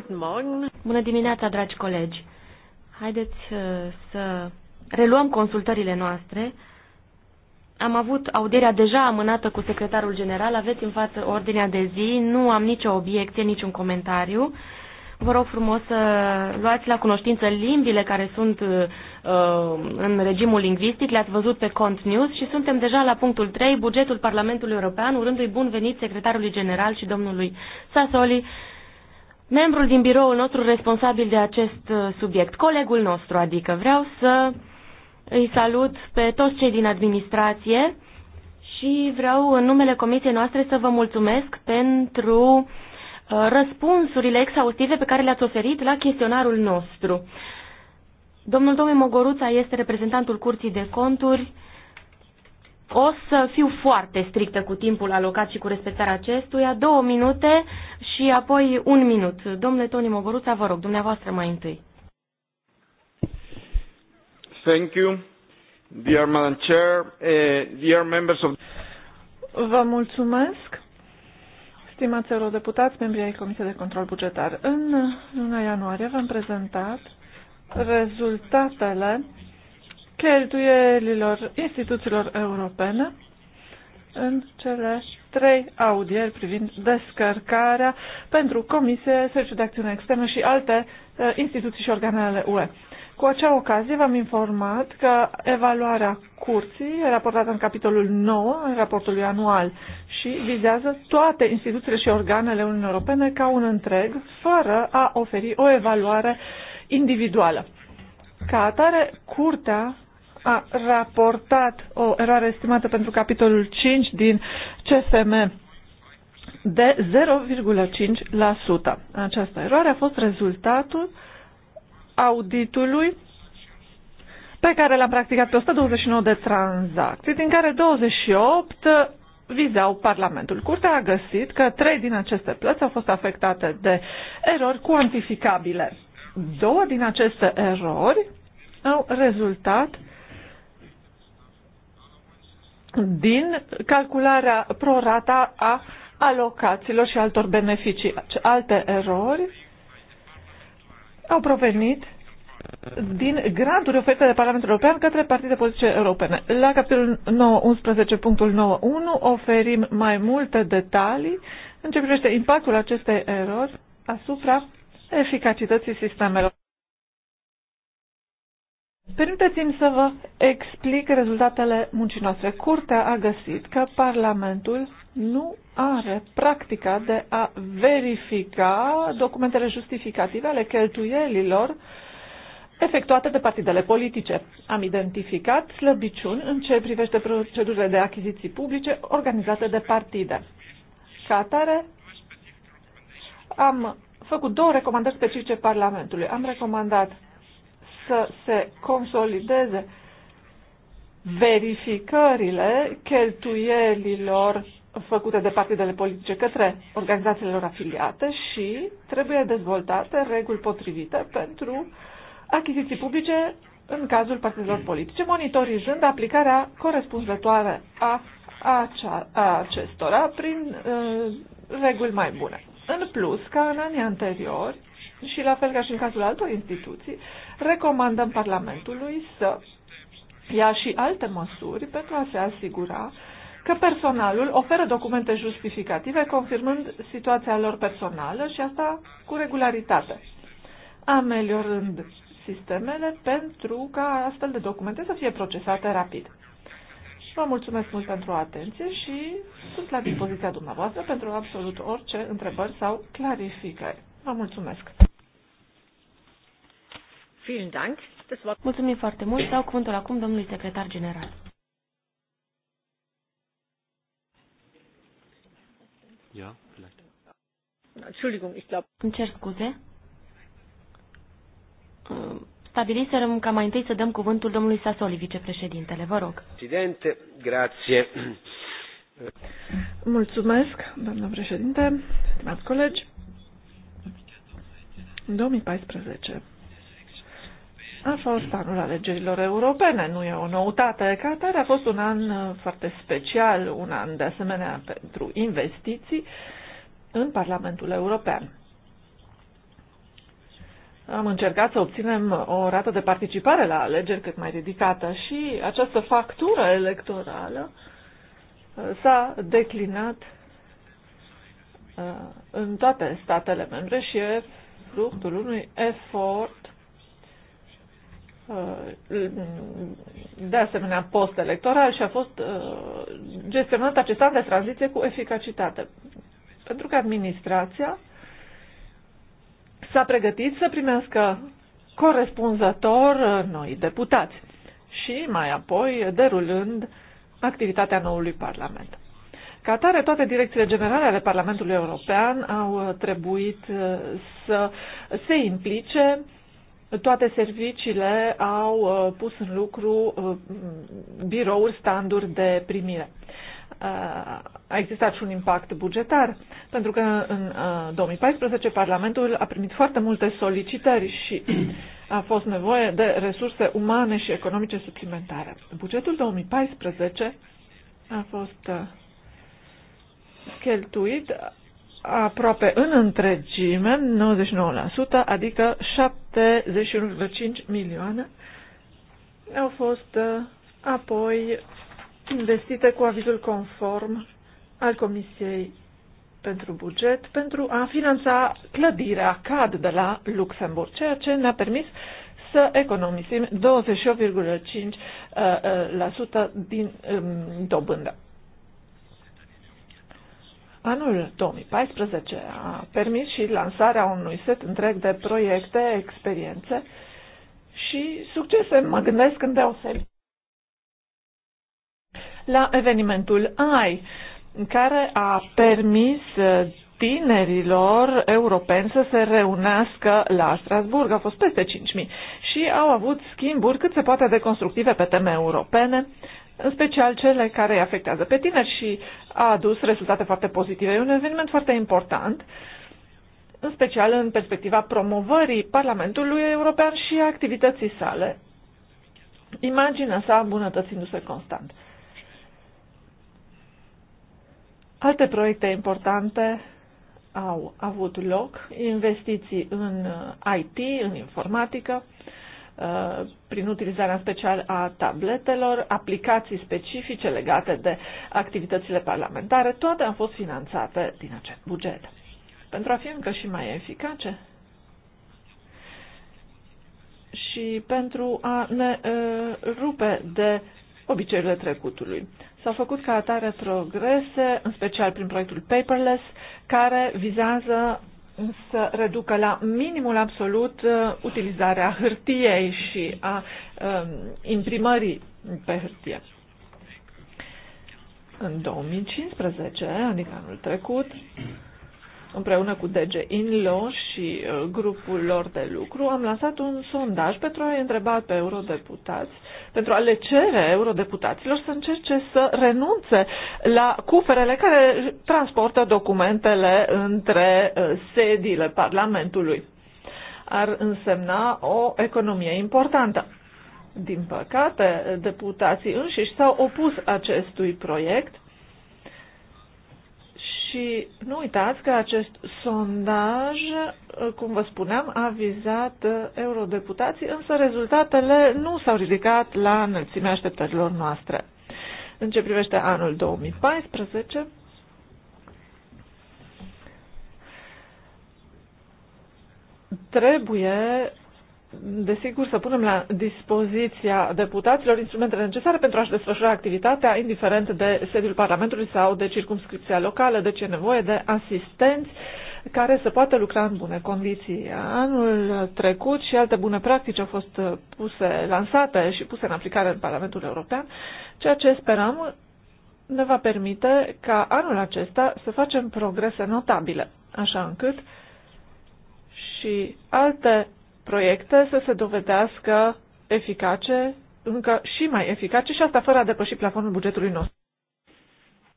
guten Morgen. Bună dimineața, dragi colegi. Haideți uh, să reluăm consultările noastre. Am avut audierea deja amânată cu secretarul general. Aveți în față ordinea de zi. Nu am nicio obiecție, niciun comentariu. Vă rog frumos să luați la cunoștință limbile care sunt uh, în regimul lingvistic, le-ați văzut pe Cont News și suntem deja la punctul 3, bugetul Parlamentului European, urându-i bun venit secretarului general și domnului Sasoli membrul din biroul nostru responsabil de acest uh, subiect, colegul nostru, adică vreau să îi salut pe toți cei din administrație și vreau în numele comisiei noastre să vă mulțumesc pentru uh, răspunsurile exhaustive pe care le-ați oferit la chestionarul nostru. Domnul Domnul Mogoruța este reprezentantul Curții de Conturi o să fiu foarte strictă cu timpul alocat și cu respectarea acestuia. Două minute și apoi un minut. Domnule Toni Mogoruța, vă rog, dumneavoastră mai întâi. Thank you, dear Madam Chair, uh, dear members of... Vă mulțumesc, stimați eurodeputați, membrii ai Comisiei de Control Bugetar. În luna ianuarie v-am prezentat rezultatele cheltuielilor instituțiilor europene în cele trei audieri privind descărcarea pentru Comisie, Serviciul de Acțiune Externă și alte uh, instituții și organe ale UE. Cu acea ocazie v-am informat că evaluarea curții e raportată în capitolul 9 în raportului anual și vizează toate instituțiile și organele Uniunii Europene ca un întreg, fără a oferi o evaluare individuală. Ca atare, curtea a raportat o eroare estimată pentru capitolul 5 din CFM de 0,5%. Această eroare a fost rezultatul auditului pe care l-am practicat pe 129 de tranzacții, din care 28 vizau Parlamentul. Curtea a găsit că trei din aceste plăți au fost afectate de erori cuantificabile. Două din aceste erori au rezultat din calcularea prorata a alocațiilor și altor beneficii. Deci, alte erori au provenit din granturi oferite de Parlamentul European către partide politice europene. La capitolul 9.11.91 oferim mai multe detalii în ce privește impactul acestei erori asupra eficacității sistemelor. Permiteți-mi să vă explic rezultatele muncii noastre. Curtea a găsit că Parlamentul nu are practica de a verifica documentele justificative ale cheltuielilor efectuate de partidele politice. Am identificat slăbiciuni în ce privește procedurile de achiziții publice organizate de partide. Ca atare, am făcut două recomandări specifice Parlamentului. Am recomandat să se consolideze verificările cheltuielilor făcute de partidele politice către organizațiile lor afiliate și trebuie dezvoltate reguli potrivite pentru achiziții publice în cazul partidelor politice, monitorizând aplicarea corespunzătoare a, acea, a acestora prin uh, reguli mai bune. În plus, ca în anii anteriori, și la fel ca și în cazul altor instituții, recomandăm Parlamentului să ia și alte măsuri pentru a se asigura că personalul oferă documente justificative confirmând situația lor personală și asta cu regularitate, ameliorând sistemele pentru ca astfel de documente să fie procesate rapid. Vă mulțumesc mult pentru atenție și sunt la dispoziția dumneavoastră pentru absolut orice întrebări sau clarificări. Vă mulțumesc! Vielen Dank. Mulțumim foarte mult. Dau cuvântul acum domnului secretar general. Ja, vielleicht. Entschuldigung, ich glaube. Îmi cer scuze. Ă, stabiliserăm ca mai întâi să dăm cuvântul domnului Sasoli, vicepreședintele. Vă rog. Presidente, grazie. Mulțumesc, doamnă președinte, stimați colegi. În 2014, a fost anul alegerilor europene, nu e o noutate. Qatar a fost un an uh, foarte special, un an de asemenea pentru investiții în Parlamentul European. Am încercat să obținem o rată de participare la alegeri cât mai ridicată și această factură electorală uh, s-a declinat uh, în toate statele membre și e fructul unui efort Uh, de asemenea post-electoral și a fost uh, gestionat acest an de tranziție cu eficacitate. Pentru că administrația s-a pregătit să primească corespunzător uh, noi deputați și mai apoi derulând activitatea noului Parlament. Ca atare, toate direcțiile generale ale Parlamentului European au trebuit să se implice toate serviciile au uh, pus în lucru uh, birouri, standuri de primire. Uh, a existat și un impact bugetar, pentru că în 2014 Parlamentul a primit foarte multe solicitări și a fost nevoie de resurse umane și economice suplimentare. Bugetul 2014 a fost cheltuit aproape în întregime, 99%, adică 71,5 milioane, au fost uh, apoi investite cu avizul conform al Comisiei pentru buget pentru a finanța clădirea CAD de la Luxemburg, ceea ce ne-a permis să economisim 28,5% uh, uh, din um, dobândă. Anul 2014 a permis și lansarea unui set întreg de proiecte, experiențe și succese. Mă gândesc în deosebit la evenimentul AI, care a permis tinerilor europeni să se reunească la Strasburg. Au fost peste 5.000 și au avut schimburi cât se poate de constructive pe teme europene în special cele care îi afectează pe tineri și a adus rezultate foarte pozitive. E un eveniment foarte important, în special în perspectiva promovării Parlamentului European și a activității sale. Imaginea sa îmbunătățindu-se constant. Alte proiecte importante au avut loc, investiții în uh, IT, în informatică, Uh, prin utilizarea special a tabletelor, aplicații specifice legate de activitățile parlamentare, toate au fost finanțate din acest buget. Pentru a fi încă și mai eficace, și pentru a ne uh, rupe de obiceiurile trecutului. S-au făcut ca atare progrese, în special prin proiectul Paperless, care vizează să reducă la minimul absolut uh, utilizarea hârtiei și a um, imprimării pe hârtie. În 2015, adică anul trecut, împreună cu DG Inlo și uh, grupul lor de lucru, am lansat un sondaj pentru a întreba pe eurodeputați, pentru a le cere eurodeputaților să încerce să renunțe la cuferele care transportă documentele între uh, sediile Parlamentului. Ar însemna o economie importantă. Din păcate, deputații înșiși s-au opus acestui proiect și nu uitați că acest sondaj, uh, cum vă spuneam, a vizat uh, eurodeputații, însă rezultatele nu s-au ridicat la înălțimea așteptărilor noastre. În ce privește anul 2014, trebuie desigur, să punem la dispoziția deputaților instrumentele necesare pentru a-și desfășura activitatea, indiferent de sediul Parlamentului sau de circumscripția locală, deci e nevoie de asistenți care să poată lucra în bune condiții. Anul trecut și alte bune practici au fost puse, lansate și puse în aplicare în Parlamentul European, ceea ce sperăm ne va permite ca anul acesta să facem progrese notabile, așa încât și alte proiecte să se dovedească eficace, încă și mai eficace și asta fără a depăși plafonul bugetului nostru.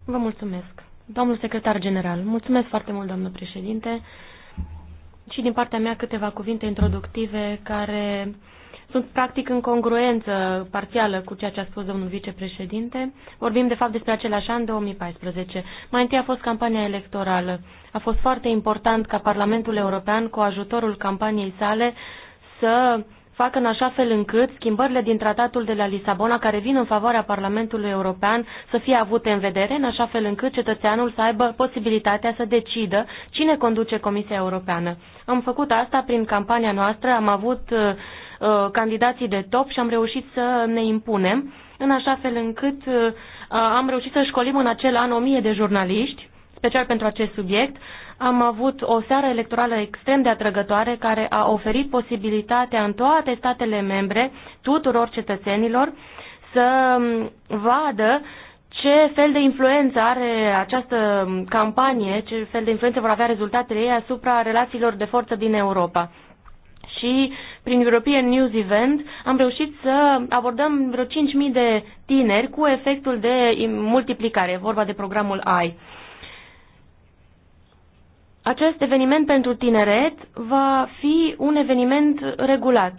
Vă mulțumesc. Domnul secretar general, mulțumesc foarte mult, domnul președinte, și din partea mea câteva cuvinte introductive care sunt practic în congruență parțială cu ceea ce a spus domnul vicepreședinte. Vorbim de fapt despre același an 2014. Mai întâi a fost campania electorală. A fost foarte important ca Parlamentul European, cu ajutorul campaniei sale, să facă în așa fel încât schimbările din tratatul de la Lisabona, care vin în favoarea Parlamentului European, să fie avute în vedere, în așa fel încât cetățeanul să aibă posibilitatea să decidă cine conduce Comisia Europeană. Am făcut asta prin campania noastră, am avut Uh, candidații de top și am reușit să ne impunem, în așa fel încât uh, am reușit să școlim în acel an o mie de jurnaliști, special pentru acest subiect. Am avut o seară electorală extrem de atrăgătoare care a oferit posibilitatea în toate statele membre, tuturor cetățenilor, să um, vadă ce fel de influență are această um, campanie, ce fel de influență vor avea rezultatele ei asupra relațiilor de forță din Europa. Și prin European News Event, am reușit să abordăm vreo 5.000 de tineri cu efectul de multiplicare, vorba de programul AI. Acest eveniment pentru tineret va fi un eveniment regulat,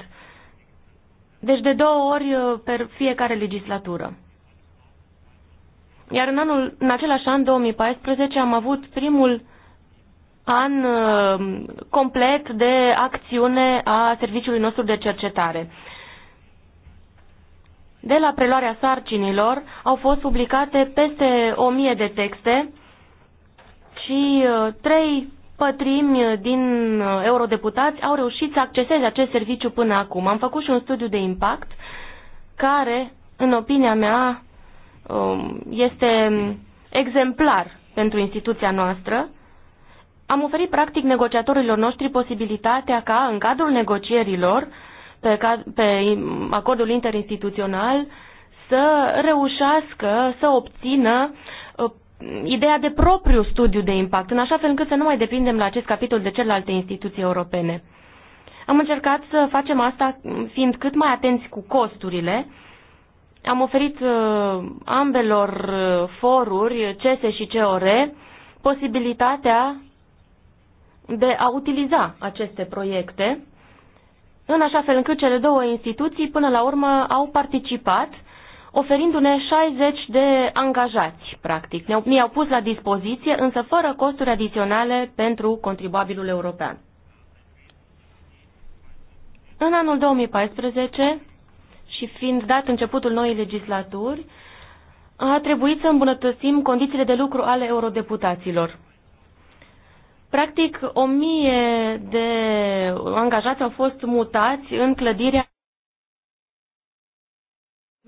deci de două ori uh, pe fiecare legislatură. Iar în, anul, în același an, 2014, am avut primul an uh, complet de acțiune a serviciului nostru de cercetare. De la preluarea sarcinilor au fost publicate peste o mie de texte și uh, trei pătrimi din uh, eurodeputați au reușit să acceseze acest serviciu până acum. Am făcut și un studiu de impact care, în opinia mea, um, este exemplar pentru instituția noastră am oferit practic negociatorilor noștri posibilitatea ca în cadrul negocierilor pe, pe acordul interinstituțional să reușească să obțină uh, ideea de propriu studiu de impact, în așa fel încât să nu mai depindem la acest capitol de celelalte instituții europene. Am încercat să facem asta fiind cât mai atenți cu costurile. Am oferit uh, ambelor uh, foruri, CESE și COR, posibilitatea de a utiliza aceste proiecte, în așa fel încât cele două instituții până la urmă au participat oferindu-ne 60 de angajați, practic. Ne-au, au pus la dispoziție, însă fără costuri adiționale pentru contribuabilul european. În anul 2014 și fiind dat începutul noii legislaturi, a trebuit să îmbunătățim condițiile de lucru ale eurodeputaților. Practic, o mie de angajați au fost mutați în clădirea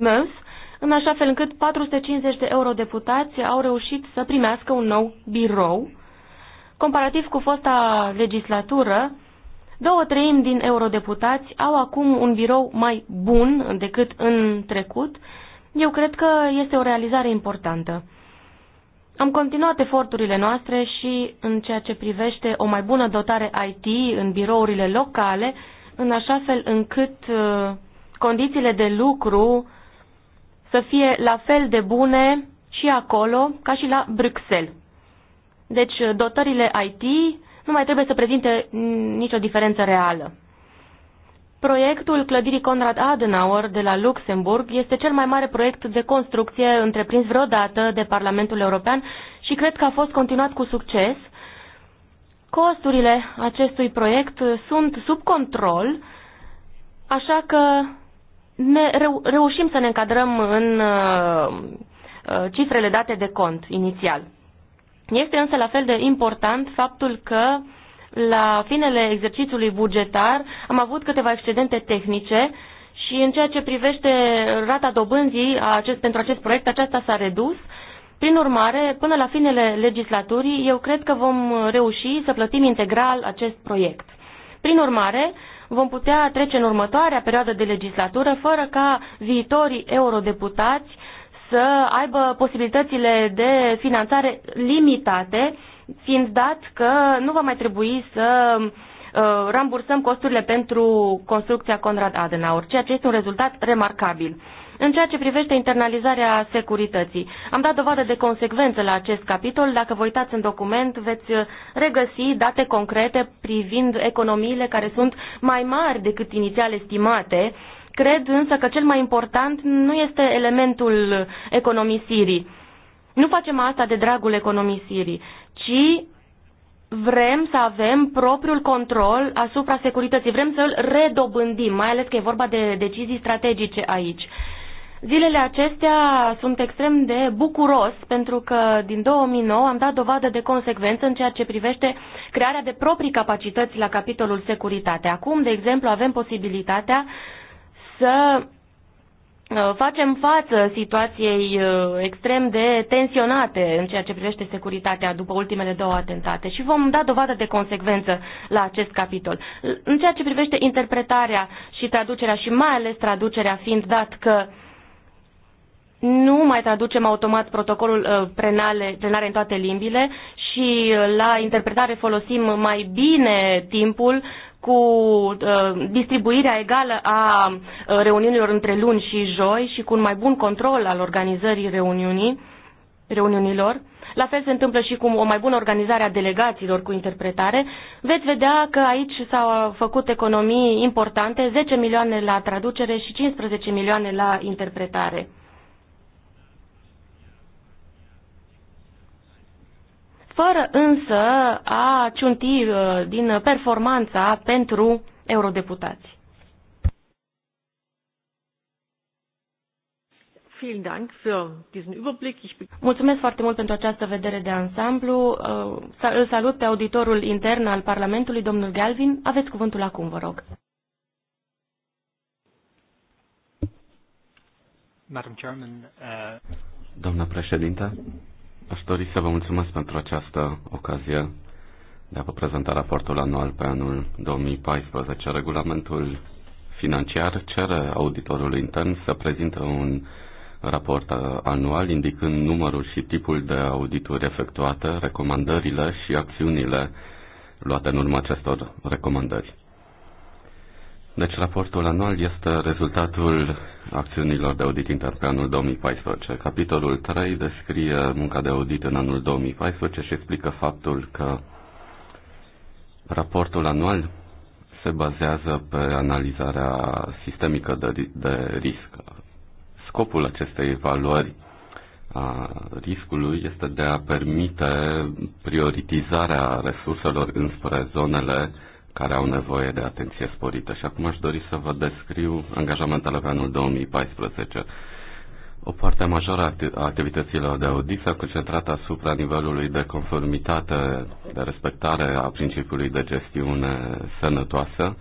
MEUS, în așa fel încât 450 de eurodeputați au reușit să primească un nou birou. Comparativ cu fosta legislatură, două treimi din eurodeputați au acum un birou mai bun decât în trecut. Eu cred că este o realizare importantă. Am continuat eforturile noastre și în ceea ce privește o mai bună dotare IT în birourile locale, în așa fel încât uh, condițiile de lucru să fie la fel de bune și acolo ca și la Bruxelles. Deci dotările IT nu mai trebuie să prezinte nicio diferență reală. Proiectul clădirii Conrad Adenauer de la Luxemburg este cel mai mare proiect de construcție întreprins vreodată de Parlamentul European și cred că a fost continuat cu succes. Costurile acestui proiect sunt sub control, așa că ne reu reușim să ne încadrăm în uh, uh cifrele date de cont inițial. Este însă la fel de important faptul că la finele exercițiului bugetar am avut câteva excedente tehnice și în ceea ce privește rata dobânzii acest, pentru acest proiect, aceasta s-a redus. Prin urmare, până la finele legislaturii, eu cred că vom reuși să plătim integral acest proiect. Prin urmare, vom putea trece în următoarea perioadă de legislatură fără ca viitorii eurodeputați să aibă posibilitățile de finanțare limitate fiind dat că nu va mai trebui să uh, rambursăm costurile pentru construcția Conrad Adenauer, ceea ce este un rezultat remarcabil. În ceea ce privește internalizarea securității, am dat dovadă de consecvență la acest capitol. Dacă vă uitați în document, veți uh, regăsi date concrete privind economiile care sunt mai mari decât inițial estimate. Cred însă că cel mai important nu este elementul economisirii, nu facem asta de dragul economisirii, ci vrem să avem propriul control asupra securității. Vrem să îl redobândim, mai ales că e vorba de decizii strategice aici. Zilele acestea sunt extrem de bucuros pentru că din 2009 am dat dovadă de consecvență în ceea ce privește crearea de proprii capacități la capitolul securitate. Acum, de exemplu, avem posibilitatea să Uh, facem față situației uh, extrem de tensionate în ceea ce privește securitatea după ultimele două atentate și vom da dovadă de consecvență la acest capitol. În ceea ce privește interpretarea și traducerea și mai ales traducerea fiind dat că nu mai traducem automat protocolul uh, prenale, prenare în toate limbile și la interpretare folosim mai bine timpul cu uh, distribuirea egală a ă, reuniunilor între luni și joi și cu un mai bun control al organizării reuniunii, reuniunilor. La fel se întâmplă și cu o mai bună organizare a delegațiilor cu interpretare. Veți vedea că aici s-au făcut economii importante, 10 milioane la traducere și 15 milioane la interpretare. fără însă a ciunti uh, din performanța pentru eurodeputați. Mulțumesc foarte mult pentru această vedere de ansamblu. Uh, îl salut pe auditorul intern al Parlamentului, domnul Galvin. Aveți cuvântul acum, vă rog. Uh, Doamna președintă, Aș dori să vă mulțumesc pentru această ocazie de a vă prezenta raportul anual pe anul 2014. Regulamentul financiar cere auditorului intern să prezinte un raport anual indicând numărul și tipul de audituri efectuate, recomandările și acțiunile luate în urma acestor recomandări. Deci raportul anual este rezultatul acțiunilor de audit inter pe anul 2014. Capitolul 3 descrie munca de audit în anul 2014 și explică faptul că raportul anual se bazează pe analizarea sistemică de, de risc. Scopul acestei evaluări a riscului este de a permite prioritizarea resurselor înspre zonele uh, care au nevoie de atenție sporită. Și acum aș dori să vă descriu angajamentele pe anul 2014. O parte majoră a activităților de audit s-a concentrat asupra nivelului de conformitate, de respectare a principiului de gestiune sănătoasă,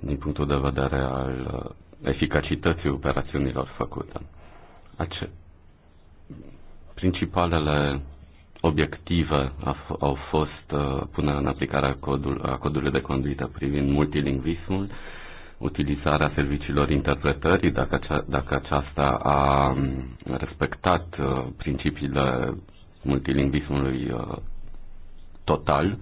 din punctul de vedere al uh, eficacității operațiunilor făcute. Ace- principalele obiective au fost uh, până în aplicarea a, a codului de conduită privind multilingvismul, utilizarea serviciilor interpretării, dacă, acea, dacă aceasta a um, respectat uh, principiile multilingvismului uh, total,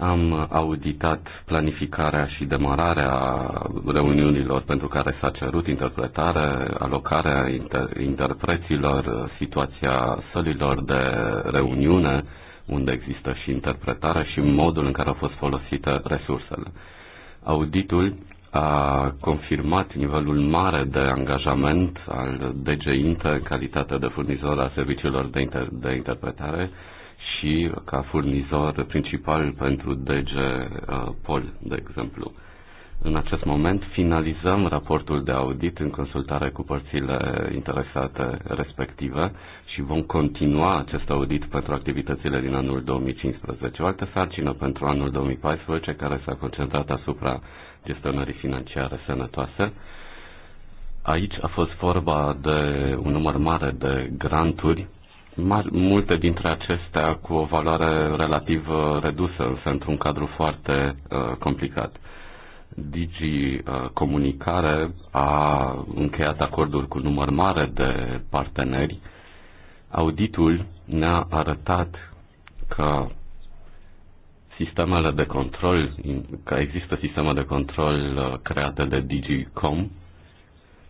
am auditat planificarea și demararea reuniunilor pentru care s-a cerut interpretare, alocarea inter- interpreților, situația sălilor de reuniune, unde există și interpretare și modul în care au fost folosite resursele. Auditul a confirmat nivelul mare de angajament al DG Inter în calitate de furnizor a serviciilor de, inter- de interpretare, și ca furnizor principal pentru DG uh, Pol, de exemplu. În acest moment finalizăm raportul de audit în consultare cu părțile interesate respective și vom continua acest audit pentru activitățile din anul 2015. O altă sarcină pentru anul 2014 care s-a concentrat asupra gestionării financiare sănătoase. Aici a fost vorba de un număr mare de granturi multe dintre acestea cu o valoare relativ uh, redusă, însă într-un cadru foarte uh, complicat. Digi uh, Comunicare a încheiat acorduri cu număr mare de parteneri. Auditul ne-a arătat că sistemele de control, că există sisteme de control uh, create de DigiCom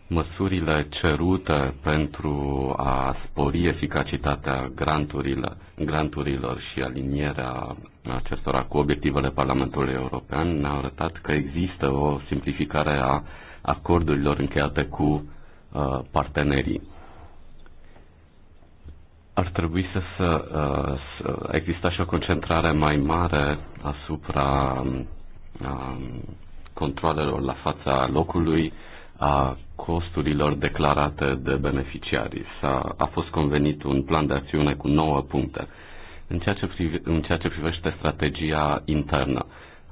măsurile cerute pentru a spori eficacitatea granturilor, granturilor și alinierea acestora cu obiectivele Parlamentului European ne-au arătat că există o simplificare a acordurilor încheiate cu uh, partenerii. Ar trebui să, să, uh, să exista și o concentrare mai mare asupra uh, controlelor la fața locului, uh, a costurilor declarate de beneficiarii. S-a, a fost convenit un plan de acțiune cu 9 puncte. În ceea ce, privi, în ceea ce privește strategia internă,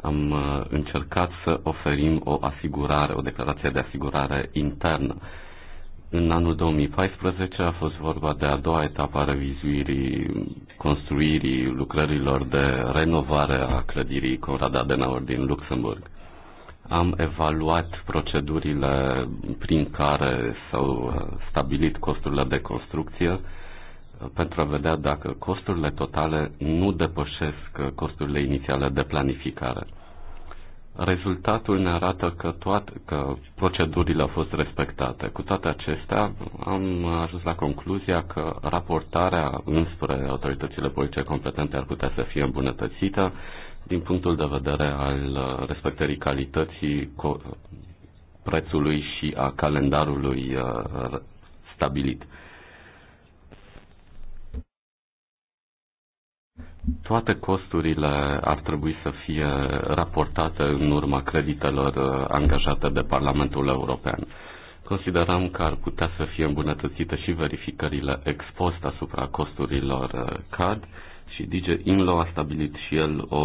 am uh, încercat să oferim o asigurare, o declarație de asigurare internă. În anul 2014 a fost vorba de a doua etapă a revizuirii, construirii lucrărilor de renovare a clădirii Conrad Adenauer din Luxemburg am evaluat procedurile prin care s-au uh, stabilit costurile de construcție uh, pentru a vedea dacă costurile totale nu depășesc uh, costurile inițiale de planificare. Rezultatul ne arată că, toate, că procedurile au fost respectate. Cu toate acestea, am ajuns la concluzia că raportarea înspre autoritățile politice competente ar putea să fie îmbunătățită, din punctul de vedere al uh, respectării calității prețului și a calendarului uh, stabilit. Toate costurile ar trebui să fie raportate în urma creditelor uh, angajate de Parlamentul European. Considerăm că ar putea să fie îmbunătățite și verificările ex post asupra costurilor CAD, și DJ Inlo a stabilit și el o,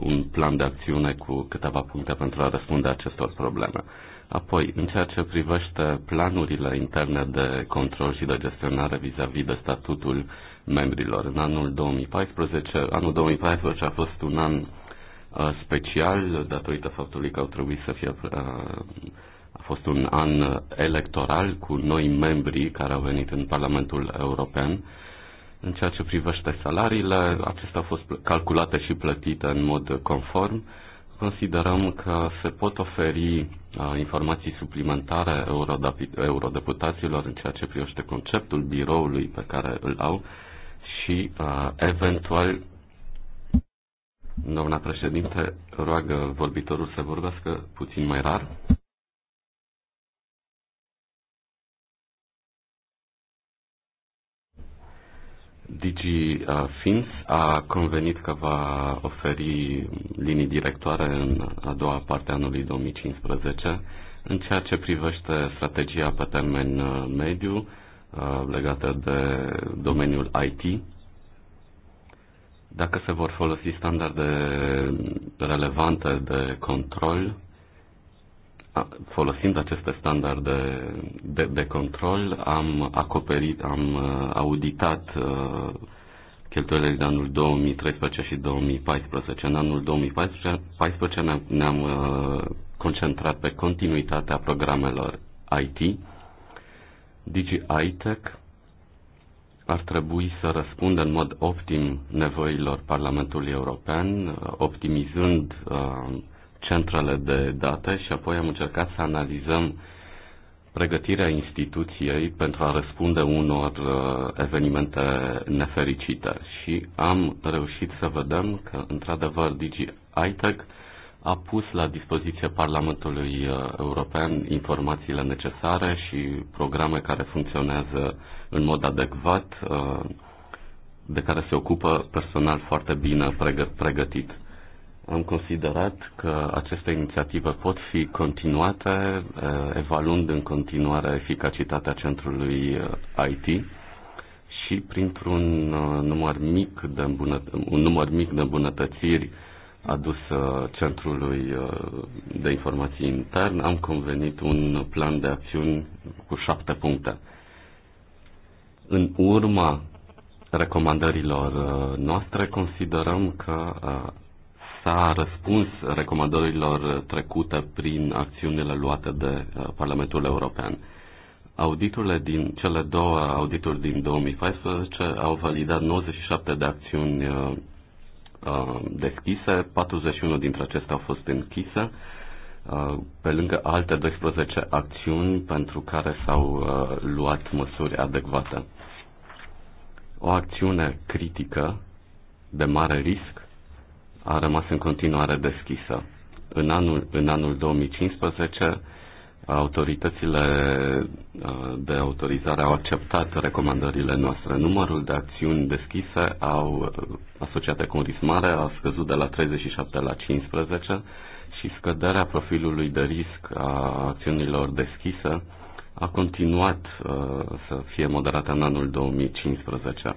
un plan de acțiune cu câteva puncte pentru a răspunde acestor probleme. Apoi, în ceea ce privește planurile interne de control și de gestionare vis-a-vis -vis de statutul membrilor, în anul 2014, anul 2014 a fost un an uh, special datorită faptului că au trebuit să fie uh, a fost un an electoral cu noi membri care au venit în Parlamentul European în ceea ce privește salariile, acestea au fost calculate și plătite în mod conform. Considerăm că se pot oferi uh, informații suplimentare eurodeputaților în ceea ce privește conceptul biroului pe care îl au și uh, eventual Doamna președinte, roagă vorbitorul să vorbească puțin mai rar. Digi uh, Fins a convenit că va oferi linii directoare în a doua parte a anului 2015 în ceea ce privește strategia pe termen uh, mediu uh, legată de domeniul IT, dacă se vor folosi standarde relevante de control folosind aceste standarde de, de control, am acoperit, am uh, auditat uh, cheltuielile de anul 2013 și 2014. În anul 2014 ne-am, uh, concentrat pe continuitatea programelor IT. Digi ITEC ar trebui să răspundă în mod optim nevoilor Parlamentului European, optimizând uh, centrele de date și apoi am încercat să analizăm pregătirea instituției pentru a răspunde unor uh, evenimente nefericite și am reușit să vedem că, într-adevăr, Digi ITEC a pus la dispoziție Parlamentului uh, European informațiile necesare și programe care funcționează în mod adecvat, uh, de care se ocupă personal foarte bine pregătit. Am considerat că aceste inițiative pot fi continuate, eh, evaluând în continuare eficacitatea centrului eh, IT și printr-un eh, număr mic de, îmbunăt- un număr mic de îmbunătățiri adus Centrului de Informații Intern, am convenit un plan de acțiuni cu șapte puncte. În urma recomandărilor noastre, considerăm că s-a răspuns recomandărilor trecute prin acțiunile luate de uh, Parlamentul European. Auditurile din cele două audituri din 2014 au validat 97 de acțiuni uh, uh, deschise, 41 dintre acestea au fost închise, pe lângă alte 12 acțiuni pentru care s-au luat măsuri adecvate. O acțiune critică de mare risc a rămas în continuare deschisă. În anul, în anul 2015, autoritățile de autorizare au acceptat recomandările noastre. Numărul de acțiuni deschise au, asociate cu un risc mare a scăzut de la 37 la 15 și scăderea profilului de risc a acțiunilor deschise a continuat uh, să fie moderată în anul 2015.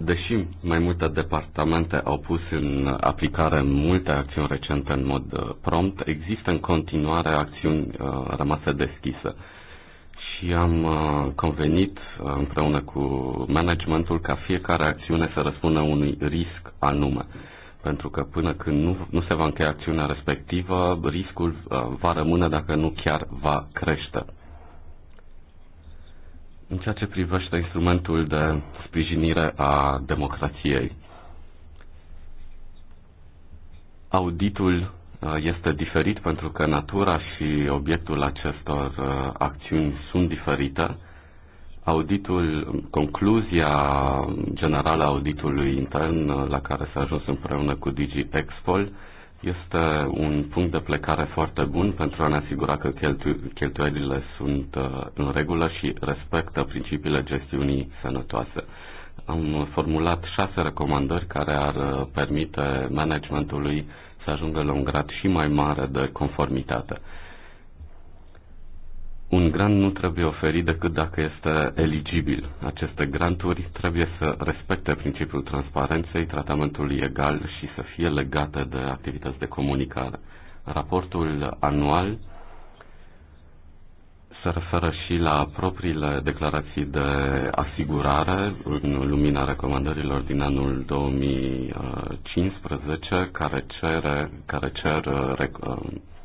Deși mai multe departamente au pus în aplicare multe acțiuni recente în mod uh, prompt, există în continuare acțiuni uh, rămase deschise. Și am uh, convenit împreună cu managementul ca fiecare acțiune să răspundă unui risc anume. Pentru că până când nu, nu se va încheia acțiunea respectivă, riscul va rămâne dacă nu chiar va crește. În ceea ce privește instrumentul de sprijinire a democrației, auditul uh, este diferit pentru că natura și obiectul acestor uh, acțiuni sunt diferite. Auditul, concluzia generală a auditului intern uh, la care s-a ajuns împreună cu DigiExpol este un punct de plecare foarte bun pentru a ne asigura că cheltu- cheltuielile sunt uh, în regulă și respectă principiile gestiunii sănătoase. Am formulat șase recomandări care ar uh, permite managementului să ajungă la un grad și mai mare de conformitate. Un grant nu trebuie oferit decât dacă este eligibil. Aceste granturi trebuie să respecte principiul transparenței, tratamentul egal și să fie legate de activități de comunicare. Raportul anual se referă și la propriile declarații de asigurare în lumina recomandărilor din anul 2015 care, cere, care cer rec,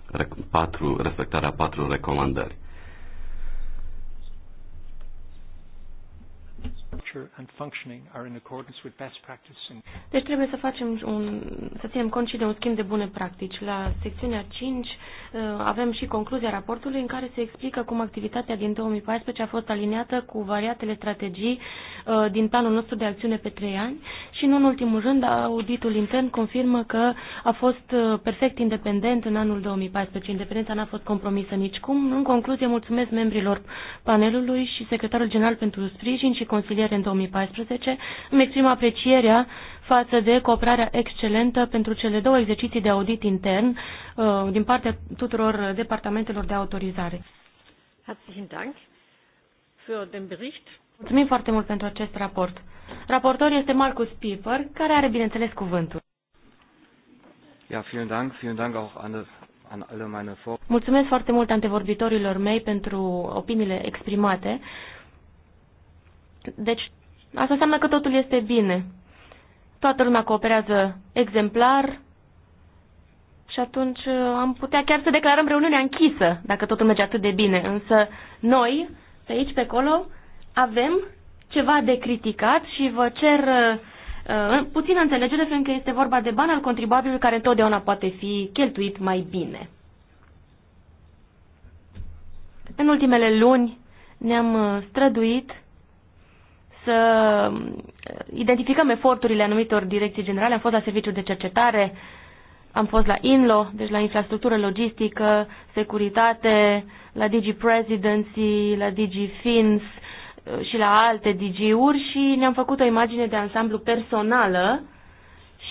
rec, patru, respectarea patru recomandări. structure and functioning are in accordance with best practice. Deci trebuie să facem un, să ținem cont și de un schimb de bune practici. La secțiunea 5 Uh, avem și concluzia raportului în care se explică cum activitatea din 2014 a fost aliniată cu variatele strategii uh, din planul nostru de acțiune pe trei ani și, nu în ultimul rând, auditul intern confirmă că a fost uh, perfect independent în anul 2014. Independența n-a fost compromisă nicicum. În concluzie, mulțumesc membrilor panelului și secretarul general pentru sprijin și consiliere în 2014. Îmi exprim aprecierea față de cooperarea excelentă pentru cele două exerciții de audit intern uh, din partea tuturor departamentelor de autorizare. Herzlichen Dank für den Bericht. Mulțumim foarte mult pentru acest raport. Raportor este Marcus Piper, care are, bineînțeles, cuvântul. Ja, vielen Dank, vielen Dank auch an vor Mulțumesc foarte mult antevorbitorilor mei pentru opiniile exprimate. Deci, asta înseamnă că totul este bine toată lumea cooperează exemplar și atunci uh, am putea chiar să declarăm reuniunea închisă, dacă totul merge atât de bine. Însă noi, pe aici, pe acolo, avem ceva de criticat și vă cer uh, uh puțină înțelegere, fiindcă este vorba de bani al contribuabilului care întotdeauna poate fi cheltuit mai bine. În ultimele luni ne-am uh, străduit să identificăm eforturile anumitor direcții generale. Am fost la serviciul de cercetare, am fost la INLO, deci la infrastructură logistică, securitate, la Digi Presidency, la Digi Fins uh, și la alte DG-uri și ne-am făcut o imagine de ansamblu personală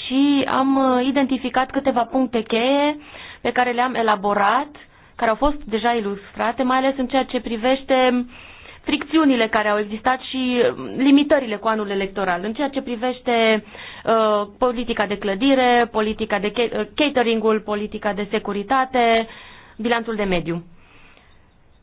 și am uh, identificat câteva puncte cheie pe care le-am elaborat, care au fost deja ilustrate, mai ales în ceea ce privește uh, fricțiunile care au existat și um, limitările cu anul electoral în ceea ce privește uh, politica de clădire, politica de uh, cateringul, politica de securitate, bilanțul de mediu.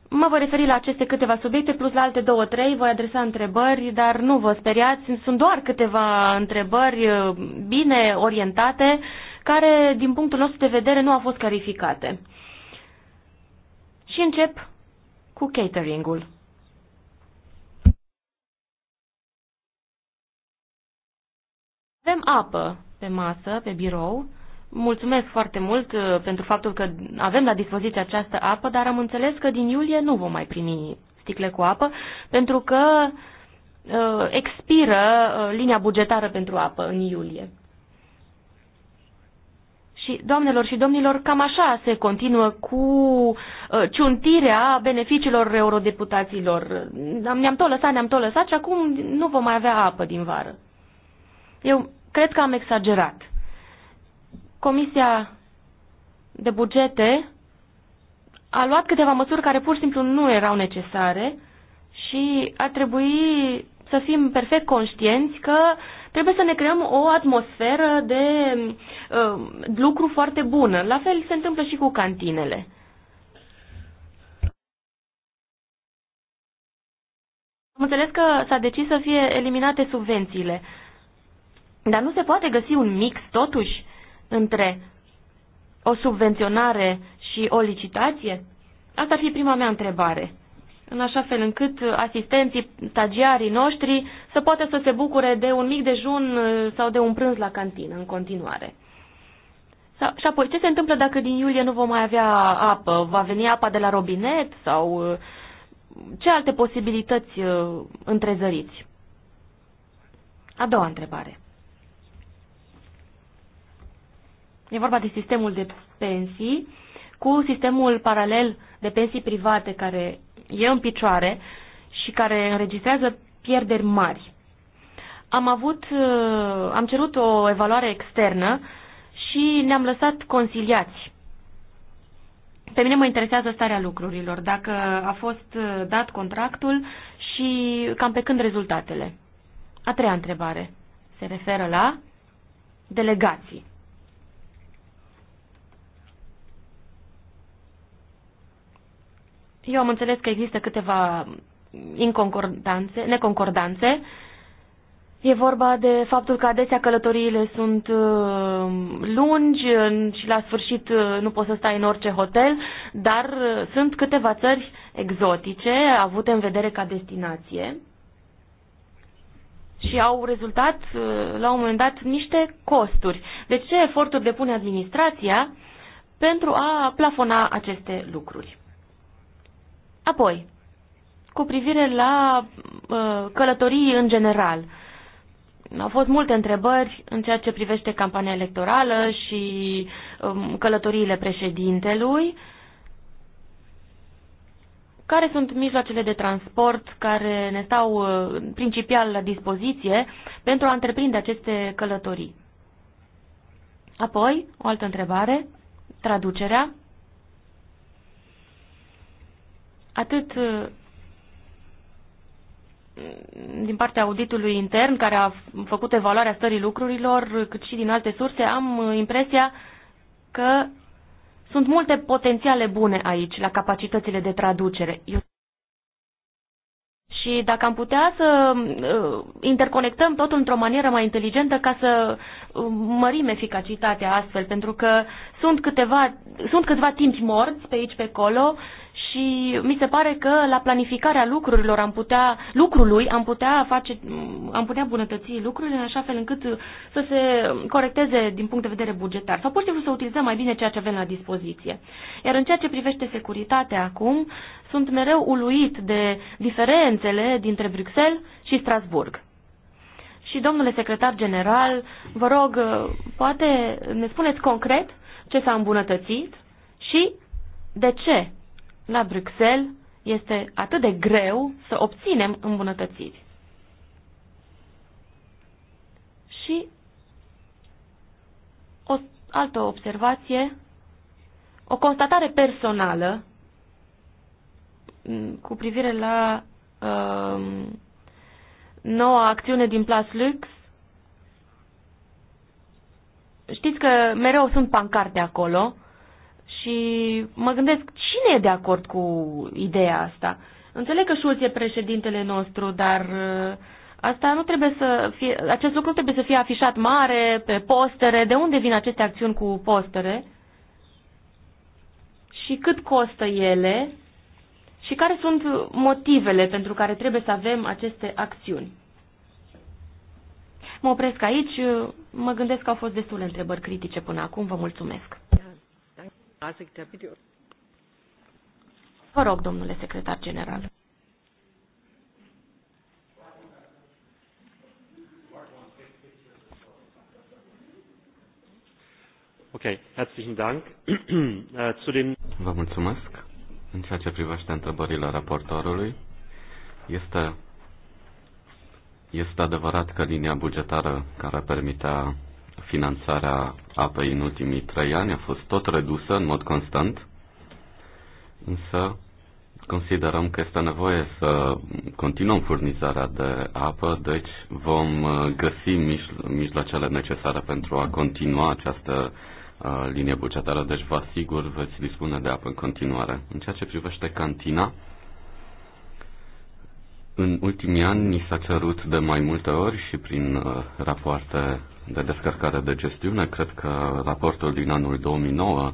Mă voi referi la aceste câteva subiecte, plus la alte două, trei, voi adresa întrebări, dar nu vă speriați, sunt doar câteva întrebări uh, bine orientate, care, din punctul nostru de vedere, nu au fost clarificate. Și încep cu cateringul. Avem apă pe masă, pe birou. Mulțumesc foarte mult uh, pentru faptul că avem la dispoziție această apă, dar am înțeles că din iulie nu vom mai primi sticle cu apă, pentru că uh, expiră uh, linia bugetară pentru apă în iulie. Și, doamnelor și domnilor, cam așa se continuă cu uh, ciuntirea beneficiilor eurodeputaților. Ne-am tot lăsat, ne-am tot lăsat și acum nu vom mai avea apă din vară. Eu cred că am exagerat. Comisia de bugete a luat câteva măsuri care pur și simplu nu erau necesare și ar trebui să fim perfect conștienți că trebuie să ne creăm o atmosferă de uh, lucru foarte bună. La fel se întâmplă și cu cantinele. Am înțeles că s-a decis să fie eliminate subvențiile. Dar nu se poate găsi un mix, totuși, între o subvenționare și o licitație? Asta ar fi prima mea întrebare. În așa fel încât asistenții, stagiarii noștri să poată să se bucure de un mic dejun uh, sau de un prânz la cantină în continuare. Sau, și apoi, ce se întâmplă dacă din iulie nu vom mai avea apă? Va veni apa de la robinet sau uh, ce alte posibilități uh, întrezăriți? A doua întrebare. E vorba de sistemul de pensii cu sistemul paralel de pensii private care e în picioare și care înregistrează pierderi mari. Am avut, uh, am cerut o evaluare externă și ne-am lăsat consiliați. Pe mine mă interesează starea lucrurilor, dacă a fost uh, dat contractul și cam pe când rezultatele. A treia întrebare se referă la delegații. Eu am înțeles că există câteva inconcordanțe, neconcordanțe. E vorba de faptul că adesea călătoriile sunt uh, lungi și la sfârșit uh, nu poți să stai în orice hotel, dar uh, sunt câteva țări exotice avute în vedere ca destinație și au rezultat la un moment dat niște costuri. De ce eforturi depune administrația pentru a plafona aceste lucruri? Apoi, cu privire la uh, călătorii în general, au fost multe întrebări în ceea ce privește campania electorală și um, călătoriile președintelui. Care sunt mijloacele de transport care ne stau uh, principial la dispoziție pentru a întreprinde aceste călătorii? Apoi, o altă întrebare, traducerea. atât uh, din partea auditului intern, care a făcut evaluarea stării lucrurilor, cât și din alte surse, am uh, impresia că sunt multe potențiale bune aici, la capacitățile de traducere. Eu... Și dacă am putea să uh, interconectăm totul într-o manieră mai inteligentă ca să mărim eficacitatea astfel, pentru că sunt, câteva, sunt câțiva timpi morți pe aici, pe acolo și mi se pare că la planificarea lucrurilor am putea, lucrului am putea face, am putea bunătăți lucrurile în așa fel încât să se corecteze din punct de vedere bugetar sau pur și simplu să utilizăm mai bine ceea ce avem la dispoziție. Iar în ceea ce privește securitatea acum, sunt mereu uluit de diferențele dintre Bruxelles și Strasburg. Și domnule secretar general, vă rog, poate ne spuneți concret ce s-a îmbunătățit și de ce la Bruxelles este atât de greu să obținem îmbunătățiri. Și o altă observație, o constatare personală mm, cu privire la uh, noua acțiune din Plus Lux. Știți că mereu sunt pancarte acolo și mă gândesc, cine e de acord cu ideea asta? Înțeleg că Schulz e președintele nostru, dar uh, asta nu trebuie să fie, acest lucru trebuie să fie afișat mare, pe postere. De unde vin aceste acțiuni cu postere? Și cât costă ele? Și care sunt motivele pentru care trebuie să avem aceste acțiuni? Mă opresc aici. Uh, mă gândesc că au fost destule întrebări critice până acum. Vă mulțumesc. Vă rog, domnule secretar general. Ok, herzlichen Dank. Äh, zu den Vă mulțumesc. În ceea ce privește întrebările raportorului, este, este adevărat că linia bugetară care permitea finanțarea apei în ultimii trei ani a fost tot redusă în mod constant, însă considerăm că este nevoie să continuăm furnizarea de apă, deci vom uh, găsi mijloacele necesare pentru a continua această uh, linie bugetară, deci vă asigur veți dispune de apă în continuare. În ceea ce privește cantina, în ultimii ani ni s-a cerut de mai multe ori și prin uh, rapoarte de descărcare de gestiune. Cred că raportul din anul 2009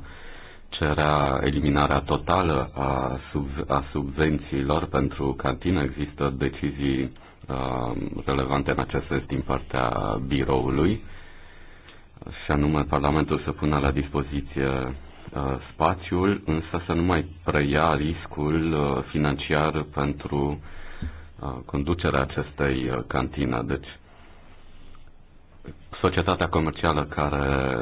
cerea eliminarea totală a, sub, a subvențiilor pentru cantină. Există decizii uh, relevante în acest sens din partea biroului și anume Parlamentul să pună la dispoziție uh, spațiul, însă să nu mai preia riscul uh, financiar pentru uh, conducerea acestei uh, cantine. Deci societatea comercială care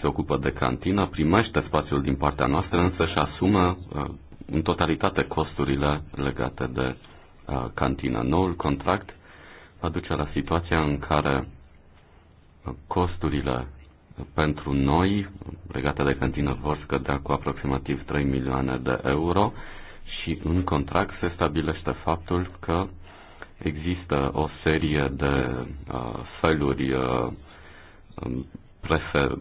se ocupă de cantină primește spațiul din partea noastră, însă și asumă uh, în totalitate costurile legate de uh, cantină. Noul contract va duce la situația în care uh, costurile pentru noi legate de cantină vor scădea cu aproximativ 3 milioane de euro și în contract se stabilește faptul că Există o serie de uh, feluri uh, um, prefer,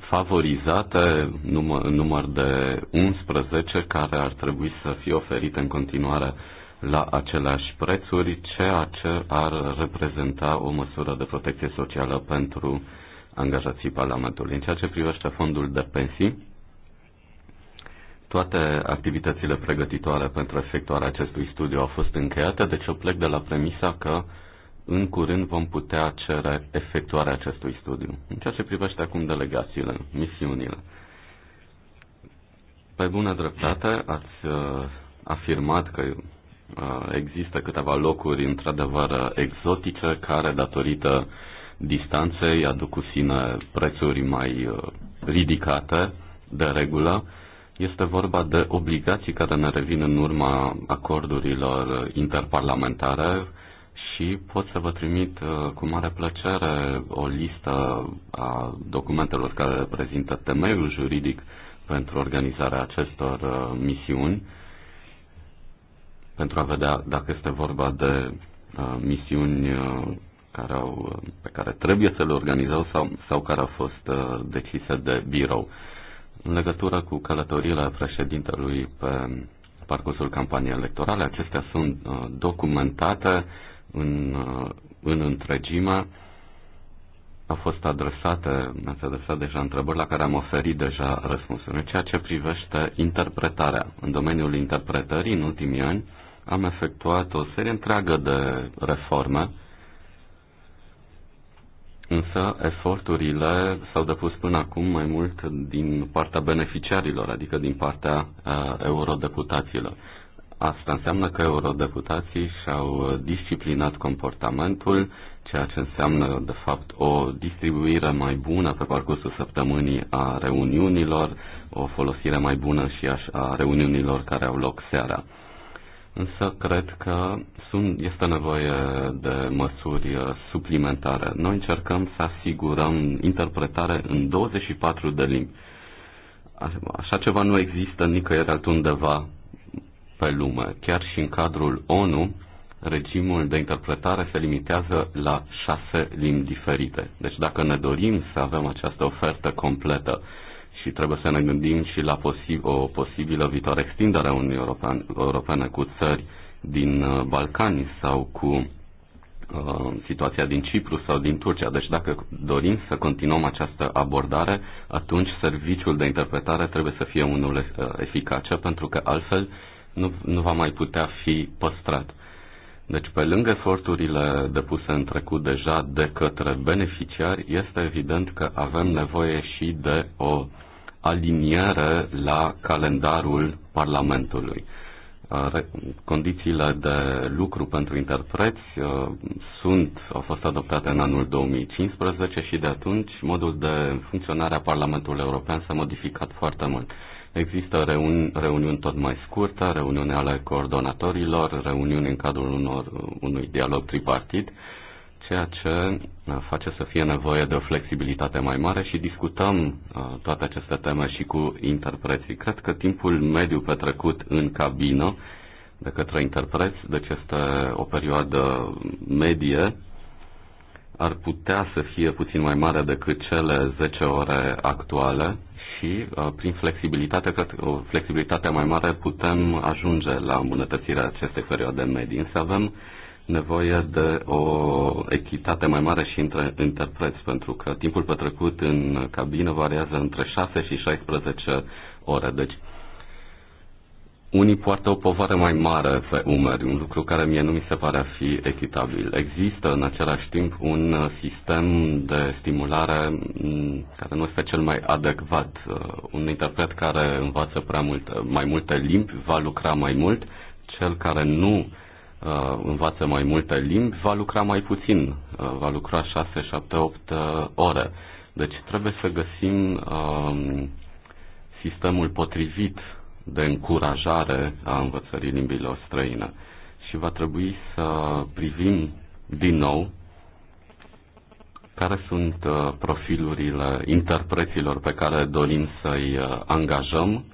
favorizate, număr, număr de 11, care ar trebui să fie oferite în continuare la aceleași prețuri, ceea ce ar reprezenta o măsură de protecție socială pentru angajații Parlamentului. În ceea ce privește fondul de pensii, toate activitățile pregătitoare pentru efectuarea acestui studiu au fost încheiate, deci eu plec de la premisa că în curând vom putea cere efectuarea acestui studiu. În ceea ce privește acum delegațiile, misiunile. Pe bună dreptate ați uh, afirmat că uh, există câteva locuri într-adevăr exotice care, datorită distanței, aduc cu sine prețuri mai uh, ridicate de regulă este vorba de obligații care ne revin în urma acordurilor interparlamentare și pot să vă trimit uh, cu mare plăcere o listă a documentelor care reprezintă temeiul juridic pentru organizarea acestor uh, misiuni, pentru a vedea dacă este vorba de uh, misiuni care au, pe care trebuie să le organizau sau, sau care au fost decise de birou. În legătură cu călătorile președintelui pe parcursul campaniei electorale, acestea sunt uh, documentate în, uh, în întregime. Au fost adresate, ați adresat deja întrebări la care am oferit deja răspunsuri. În ceea ce privește interpretarea, în domeniul interpretării, în ultimii ani, am efectuat o serie întreagă de reforme Însă eforturile s-au depus până acum mai mult din partea beneficiarilor, adică din partea uh, eurodeputaților. Asta înseamnă că eurodeputații și-au disciplinat comportamentul, ceea ce înseamnă, de fapt, o distribuire mai bună pe parcursul săptămânii a reuniunilor, o folosire mai bună și a reuniunilor care au loc seara însă cred că sunt, este nevoie de măsuri uh, suplimentare. Noi încercăm să asigurăm interpretare în 24 de limbi. Așa ceva nu există nicăieri altundeva pe lume. Chiar și în cadrul ONU, regimul de interpretare se limitează la șase limbi diferite. Deci dacă ne dorim să avem această ofertă completă și trebuie să ne gândim și la posib- o posibilă viitoare extindere a Uniunii European, Europene cu țări din uh, Balcani sau cu uh, situația din Cipru sau din Turcia. Deci dacă dorim să continuăm această abordare, atunci serviciul de interpretare trebuie să fie unul uh, eficace, pentru că altfel nu, nu va mai putea fi păstrat. Deci, pe lângă eforturile depuse în trecut deja de către beneficiari, este evident că avem nevoie și de o aliniere la calendarul Parlamentului. Uh, condițiile de lucru pentru interpreți uh, sunt, au fost adoptate în anul 2015 și de atunci modul de funcționare a Parlamentului European s-a modificat foarte mult. Există reuni, reuniuni tot mai scurte, reuniuni ale coordonatorilor, reuniuni în cadrul unor, unui dialog tripartit ceea ce uh, face să fie nevoie de o flexibilitate mai mare și discutăm uh, toate aceste teme și cu interpreții. Cred că timpul mediu petrecut în cabină de către interpreți, deci este o perioadă medie, ar putea să fie puțin mai mare decât cele 10 ore actuale și uh, prin flexibilitate, cred o flexibilitate mai mare putem ajunge la îmbunătățirea acestei perioade medii. Însă avem nevoie de o echitate mai mare și între interpreți, pentru că timpul petrecut în cabină variază între 6 și 16 ore. Deci, unii poartă o povară mai mare pe umeri, un lucru care mie nu mi se pare a fi echitabil. Există în același timp un sistem de stimulare mm, care nu este cel mai adecvat. Uh, un interpret care învață prea mult, mai multe limbi va lucra mai mult, cel care nu uh, învață mai multe limbi, va lucra mai puțin, uh, va lucra 6, 7, 8 uh, ore. Deci trebuie să găsim uh, sistemul potrivit de încurajare a învățării limbilor străine. Și va trebui să privim din nou care sunt uh, profilurile interpreților pe care dorim să-i uh, angajăm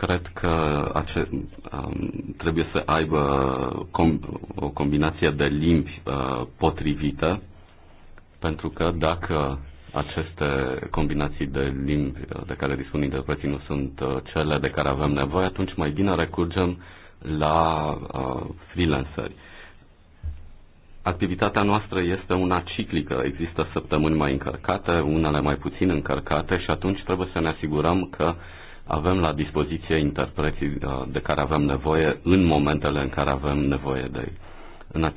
cred că ace- trebuie să aibă com- o combinație de limbi uh, potrivită, pentru că dacă aceste combinații de limbi uh, de care dispun interpreții nu sunt uh, cele de care avem nevoie, atunci mai bine recurgem la uh, freelanceri. Activitatea noastră este una ciclică. Există săptămâni mai încărcate, unele mai puțin încărcate și atunci trebuie să ne asigurăm că uh, avem la dispoziție interpreții uh, de care avem nevoie în momentele în care avem nevoie de ei.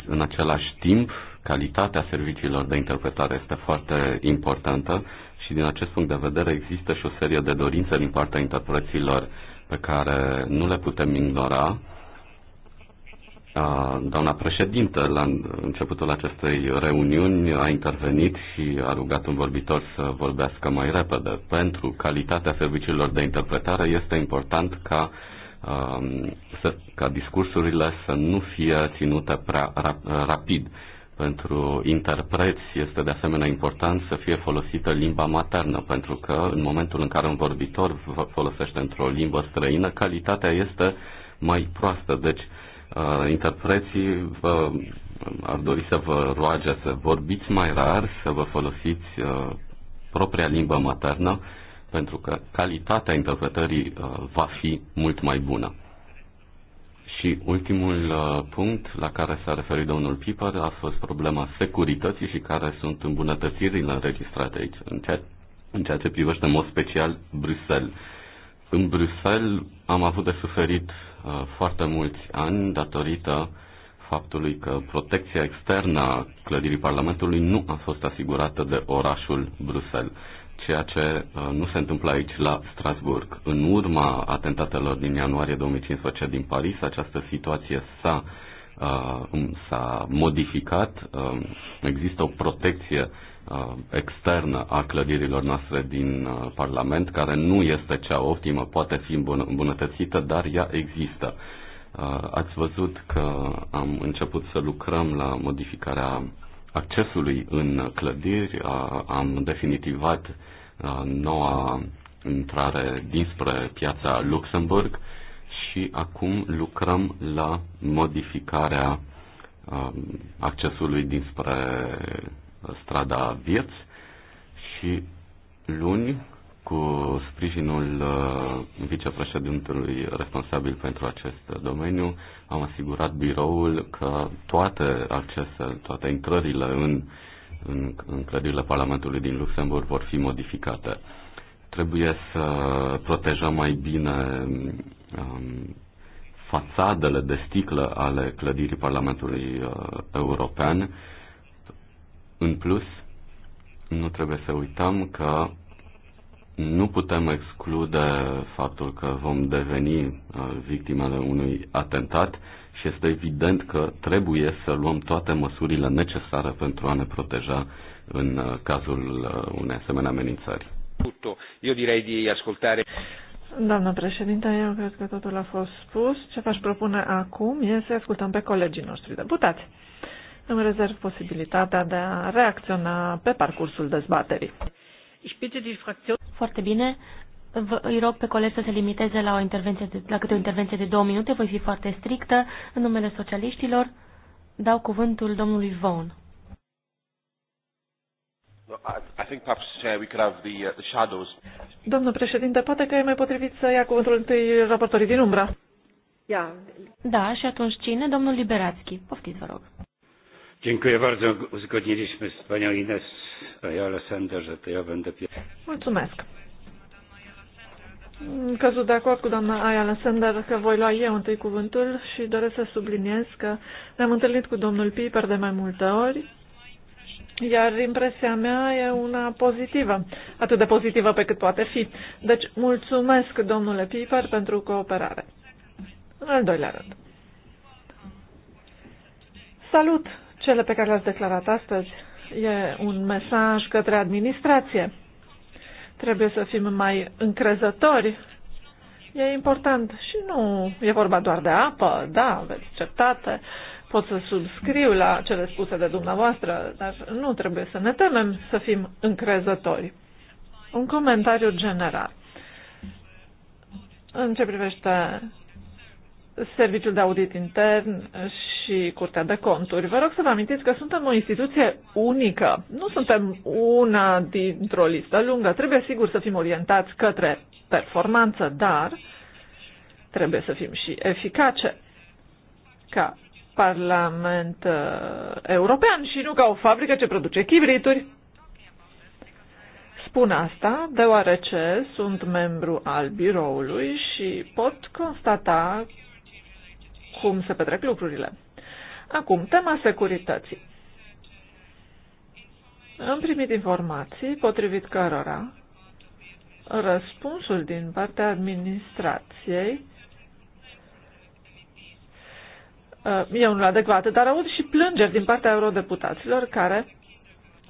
În același timp, calitatea serviciilor de interpretare este foarte importantă și din acest punct de vedere există și o serie de dorințe din partea interpreților pe care nu le putem ignora doamna președintă, la începutul acestei reuniuni, a intervenit și a rugat un vorbitor să vorbească mai repede. Pentru calitatea serviciilor de interpretare este important ca, a, să, ca discursurile să nu fie ținute prea rap, rapid. Pentru interpreți este de asemenea important să fie folosită limba maternă, pentru că în momentul în care un vorbitor folosește într-o limbă străină, calitatea este mai proastă. Deci, uh, interpreții vă, ar dori să vă roage să vorbiți mai rar, să vă folosiți uh, propria limbă maternă, pentru că calitatea interpretării uh, va fi mult mai bună. Și ultimul uh, punct la care s-a referit domnul Piper a fost problema securității și care sunt îmbunătățirile înregistrate aici, în ceea, în ceea ce privește în mod special Bruxelles. În Bruxelles am avut de suferit Uh, foarte mulți ani datorită faptului că protecția externă a clădirii Parlamentului nu a fost asigurată de orașul Bruxelles, ceea ce uh, nu se întâmplă aici la Strasburg. În urma atentatelor din ianuarie 2015 din Paris, această situație s-a, uh, s-a modificat, există o protecție Uh, externă a clădirilor noastre din uh, Parlament, care nu este cea optimă, poate fi îmbunătățită, dar ea există. Uh, ați văzut că am început să lucrăm la modificarea accesului în clădiri, am definitivat noua intrare dinspre piața Luxemburg și acum lucrăm la modificarea accesului dinspre strada vieți și luni cu sprijinul uh, vicepreședintelui responsabil pentru acest domeniu, am asigurat biroul că toate accesele, toate intrările în, în, în clădirile Parlamentului din Luxemburg vor fi modificate. Trebuie să protejăm mai bine um, fațadele de sticlă ale clădirii Parlamentului uh, European în plus, nu trebuie să uităm că nu putem exclude faptul că vom deveni uh, victimele unui atentat și este evident că trebuie să luăm toate măsurile necesare pentru a ne proteja în uh, cazul uh, unei asemenea amenințări. Eu direi de ascultare. Doamna președinte, eu cred că totul a fost spus. Ce v-aș propune acum e să ascultăm pe colegii noștri deputați. Îmi rezerv posibilitatea de a reacționa pe parcursul dezbaterii. Foarte bine. Vă, îi rog pe colegi să se limiteze la, o intervenție de, la câte o intervenție de două minute. Voi fi foarte strictă. În numele socialiștilor dau cuvântul domnului Vaughan. Uh, Domnul președinte, poate că e mai potrivit să ia cuvântul întâi raportorii din umbra. Da, și atunci cine? Domnul Liberațchi. Poftiți, vă rog. Dziękuję bardzo. Uzgodniliśmy z panią Ines Ayala-Sender, że to ja będę pierwszy. Mulțumesc. În cazul de acord cu doamna Ayala Sender că voi lua eu întâi cuvântul și doresc să subliniez că ne-am întâlnit cu domnul Piper de mai multe ori, iar impresia mea e una pozitivă, atât de pozitivă pe cât poate fi. Deci mulțumesc, domnule Piper, pentru cooperare. În al doilea rând. Salut cele pe care le-ați declarat astăzi e un mesaj către administrație. Trebuie să fim mai încrezători. E important și nu e vorba doar de apă, da, aveți dreptate, pot să subscriu la cele spuse de dumneavoastră, dar nu trebuie să ne temem să fim încrezători. Un comentariu general. În ce privește Serviciul de Audit Intern și Curtea de Conturi. Vă rog să vă amintiți că suntem o instituție unică. Nu suntem una dintr-o listă lungă. Trebuie sigur să fim orientați către performanță, dar trebuie să fim și eficace ca Parlament uh, European și nu ca o fabrică ce produce chibrituri. Spun asta deoarece sunt membru al biroului și pot constata cum se petrec lucrurile. Acum, tema securității. Am primit informații potrivit cărora răspunsul din partea administrației uh, e unul adecvat, dar aud și plângeri din partea eurodeputaților care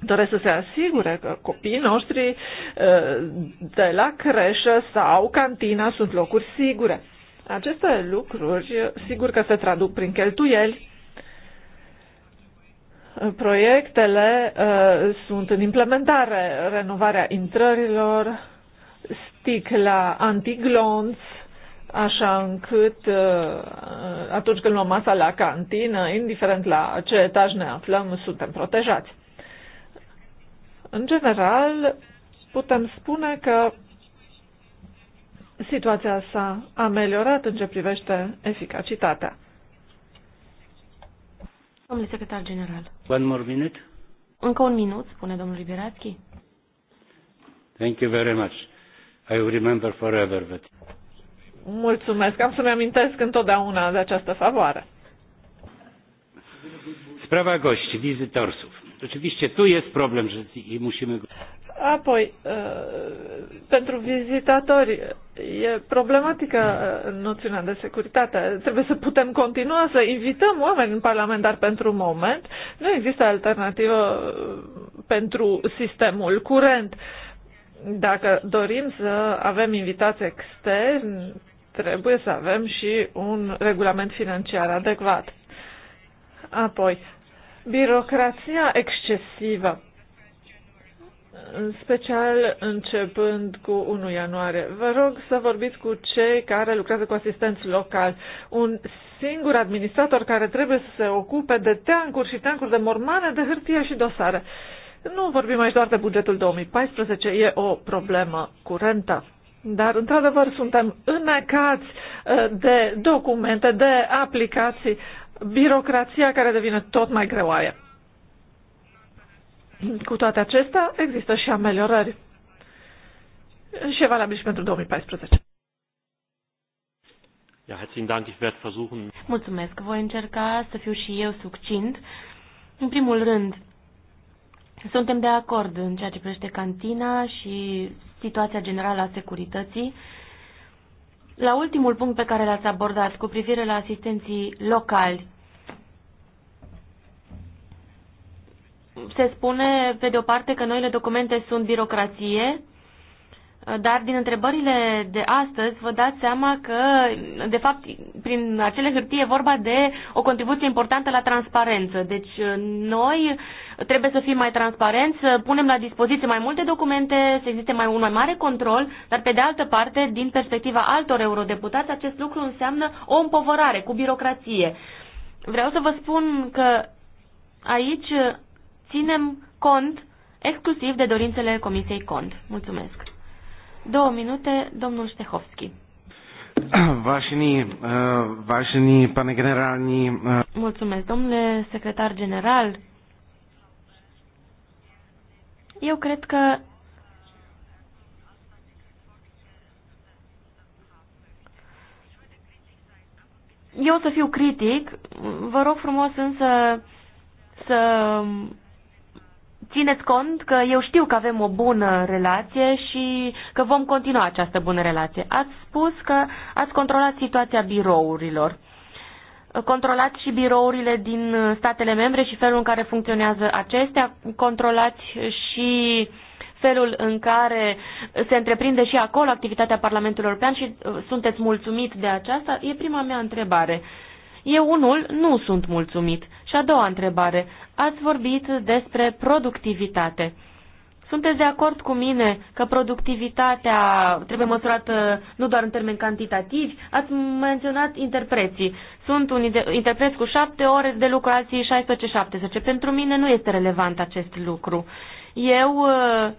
doresc să se asigure că copiii noștri uh, de la creșă sau cantina sunt locuri sigure. Aceste lucruri, sigur că se traduc prin cheltuieli. Proiectele uh, sunt în implementare, renovarea intrărilor, sticla antiglonț, așa încât uh, atunci când luăm masa la cantină, indiferent la ce etaj ne aflăm, suntem protejați. În general, putem spune că situația s-a ameliorat în ce privește eficacitatea. Domnule secretar general. One more minute. Încă un minut, spune domnul Liberațchi. Thank you very much. I will remember forever that. Mulțumesc, am să-mi amintesc întotdeauna de această favoare. Sprawa gości, wizytorsów. Oczywiście tu jest problem, że i musimy... Apoi, ă, pentru vizitatori, e problematică ă, noțiunea de securitate. Trebuie să putem continua să invităm oameni în dar pentru un moment. Nu există alternativă ă, pentru sistemul curent. Dacă dorim să avem invitați externi, trebuie să avem și un regulament financiar adecvat. Apoi, birocrația excesivă în special începând cu 1 ianuarie. Vă rog să vorbiți cu cei care lucrează cu asistenți locali. Un singur administrator care trebuie să se ocupe de teancuri și teancuri de mormane, de hârtie și dosare. Nu vorbim aici doar de bugetul 2014, e o problemă curentă. Dar, într-adevăr, suntem înecați uh, de documente, de aplicații, birocrația care devine tot mai greoaie. Cu toate acestea, există și ameliorări și e valabil și pentru 2014. Ja, herzlichen Dank, ich werde versuchen. Mulțumesc, voi încerca să fiu și eu succint. În primul rând, suntem de acord în ceea ce privește cantina și situația generală a securității. La ultimul punct pe care l-ați abordat cu privire la asistenții locali, se spune, pe de o parte, că noile documente sunt birocrație, dar din întrebările de astăzi vă dați seama că, de fapt, prin acele hârtii e vorba de o contribuție importantă la transparență. Deci noi trebuie să fim mai transparenți, să punem la dispoziție mai multe documente, să existe mai, un mai mare control, dar pe de altă parte, din perspectiva altor eurodeputați, acest lucru înseamnă o împovărare cu birocrație. Vreau să vă spun că aici ținem cont exclusiv de dorințele Comisiei Cont. Mulțumesc. Două minute, domnul Ștehovski. Vașini, uh, vașini, pane generalni... Uh. Mulțumesc, domnule secretar general. Eu cred că eu o să fiu critic, vă rog frumos însă să țineți cont că eu știu că avem o bună relație și că vom continua această bună relație. Ați spus că ați controlat situația birourilor. Controlați și birourile din statele membre și felul în care funcționează acestea. Controlați și felul în care se întreprinde și acolo activitatea Parlamentului European și uh, sunteți mulțumit de aceasta? E prima mea întrebare. Eu unul nu sunt mulțumit. Și a doua întrebare. Ați vorbit despre productivitate. Sunteți de acord cu mine că productivitatea trebuie măsurată nu doar în termeni cantitativi? Ați menționat interpreții. Sunt un de, interpreți cu șapte ore de lucru, alții 16-17. Pentru mine nu este relevant acest lucru. Eu uh,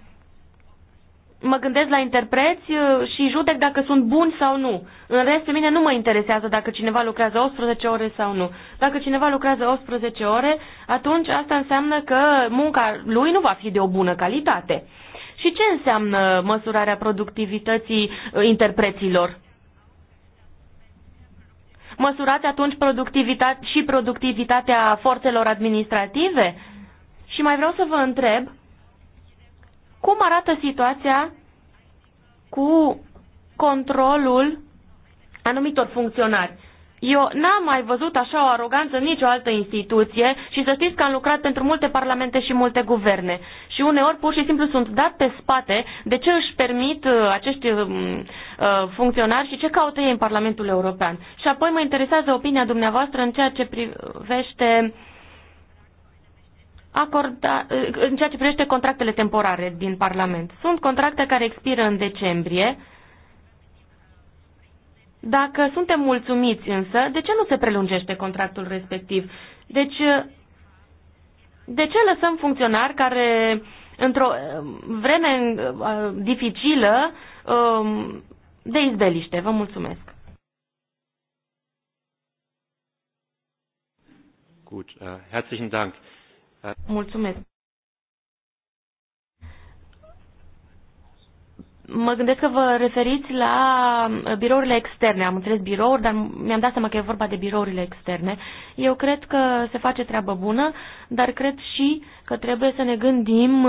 mă gândesc la interpreți uh, și judec dacă sunt buni sau nu. În rest, pe mine nu mă interesează dacă cineva lucrează 18 ore sau nu. Dacă cineva lucrează 18 ore, atunci asta înseamnă că munca lui nu va fi de o bună calitate. Și ce înseamnă măsurarea productivității uh, interpreților? Măsurați atunci productivitate și productivitatea forțelor administrative? Și mai vreau să vă întreb, cum arată situația cu controlul anumitor funcționari? Eu n-am mai văzut așa o aroganță în nicio altă instituție și să știți că am lucrat pentru multe parlamente și multe guverne. Și uneori pur și simplu sunt dat pe spate de ce își permit uh, acești um, uh, funcționari și ce caută ei în Parlamentul European. Și apoi mă interesează opinia dumneavoastră în ceea ce privește uh, acorda, în ceea ce privește contractele temporare din Parlament. Sunt contracte care expiră în decembrie. Dacă suntem mulțumiți însă, de ce nu se prelungește contractul respectiv? Deci, de ce lăsăm funcționari care într-o vreme uh, dificilă um, de izbeliște? Vă mulțumesc. Gut, uh, herzlichen Dank. Mulțumesc. Mă gândesc că vă referiți la birourile externe. Am înțeles birouri, dar mi-am dat seama că e vorba de birourile externe. Eu cred că se face treabă bună, dar cred și că trebuie să ne gândim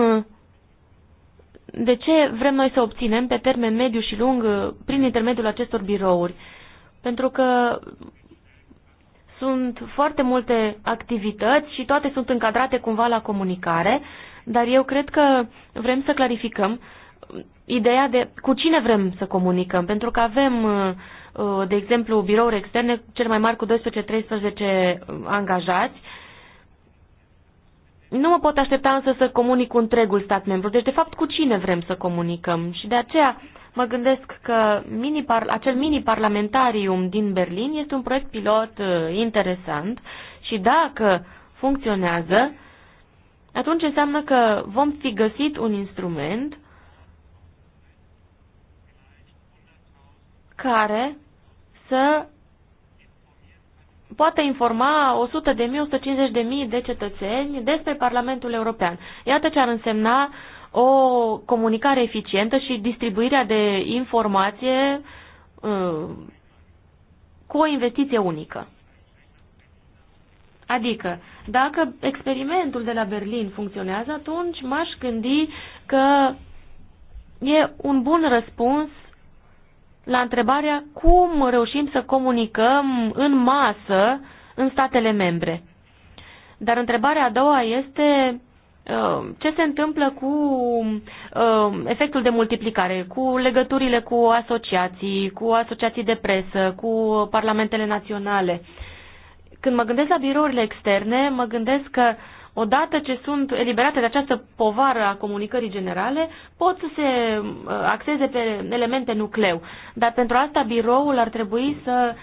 de ce vrem noi să obținem pe termen mediu și lung prin intermediul acestor birouri. Pentru că sunt foarte multe activități și toate sunt încadrate cumva la comunicare, dar eu cred că vrem să clarificăm uh, ideea de cu cine vrem să comunicăm, pentru că avem, uh, uh, de exemplu, birouri externe cel mai mari cu 12-13 angajați. Nu mă pot aștepta însă să comunic cu întregul stat membru, deci de fapt cu cine vrem să comunicăm și de aceea Mă gândesc că mini par, acel mini-parlamentarium din Berlin este un proiect pilot uh, interesant și dacă funcționează, atunci înseamnă că vom fi găsit un instrument care să poate informa 100.000-150.000 de cetățeni despre Parlamentul European. Iată ce ar însemna uh, o comunicare eficientă și distribuirea de informație uh, cu o investiție unică. Adică, dacă experimentul de la Berlin funcționează, atunci m-aș gândi că e un bun răspuns la întrebarea cum reușim să comunicăm în masă în statele membre. Dar întrebarea a doua este Um, ce se întâmplă cu um, efectul de multiplicare, cu legăturile cu asociații, cu asociații de presă, cu parlamentele naționale. Când mă gândesc la birourile externe, mă gândesc că odată ce sunt eliberate de această povară a comunicării generale, pot să se uh, axeze pe elemente nucleu. Dar pentru asta biroul ar trebui să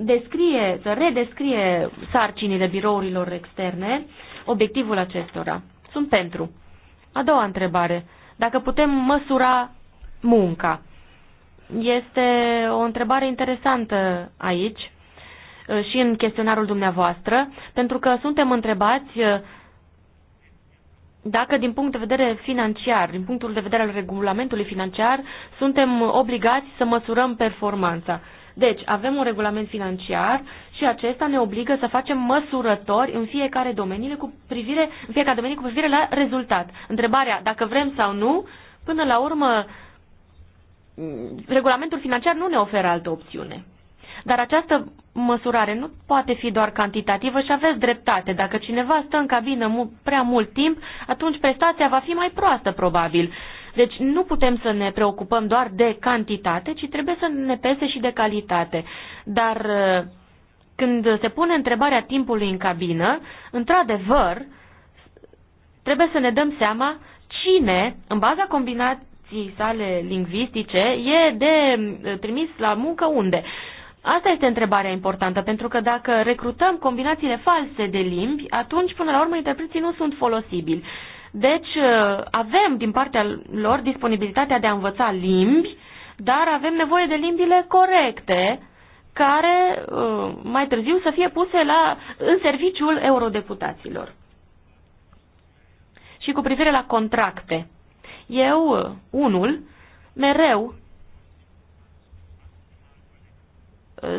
descrie, să redescrie sarcinile birourilor externe, obiectivul acestora. Sunt pentru. A doua întrebare. Dacă putem măsura munca. Este o întrebare interesantă aici uh, și în chestionarul dumneavoastră, pentru că suntem întrebați uh, dacă din punct de vedere financiar, din punctul de vedere al regulamentului financiar, suntem obligați să măsurăm performanța. Deci, avem un regulament financiar și acesta ne obligă să facem măsurători în fiecare domeniu cu privire, în fiecare domeniu cu privire la rezultat. Întrebarea dacă vrem sau nu, până la urmă, regulamentul financiar nu ne oferă altă opțiune. Dar această măsurare nu poate fi doar cantitativă și aveți dreptate. Dacă cineva stă în cabină prea mult timp, atunci prestația va fi mai proastă, probabil. Deci nu putem să ne preocupăm doar de cantitate, ci trebuie să ne pese și de calitate. Dar uh, când se pune întrebarea timpului în cabină, într-adevăr, trebuie să ne dăm seama cine, în baza combinației sale lingvistice, e de uh, trimis la muncă unde. Asta este întrebarea importantă, pentru că dacă recrutăm combinațiile false de limbi, atunci, până la urmă, interpreții nu sunt folosibili. Deci uh, avem din partea lor disponibilitatea de a învăța limbi, dar avem nevoie de limbile corecte care uh, mai târziu să fie puse la, în serviciul eurodeputaților. Și cu privire la contracte, eu, uh, unul, mereu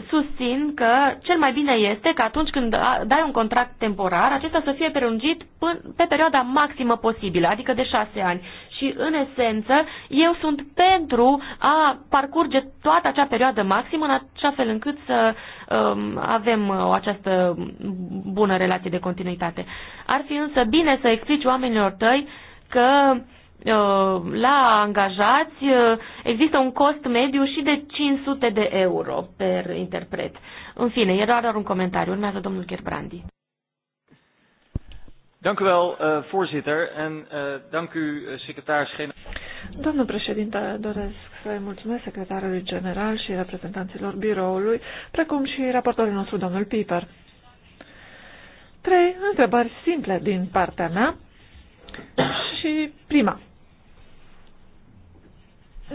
susțin că cel mai bine este că atunci când dai un contract temporar, acesta să fie prelungit pe perioada maximă posibilă, adică de șase ani. Și, în esență, eu sunt pentru a parcurge toată acea perioadă maximă, în așa fel încât să um, avem uh, o această bună relație de continuitate. Ar fi însă bine să explici oamenilor tăi că uh, Uh, la angajați uh, există un cost mediu și de 500 de euro per interpret. În fine, era doar un comentariu. Urmează domnul Gerbrandi. Dank u wel, uh, voorzitter. En uh, dank u, uh, eh, secretaris-generaal. Domnul președinte, doresc să-i mulțumesc secretarului general și reprezentanților biroului, precum și raportorul nostru, domnul Piper. Trei întrebări simple din partea mea și prima.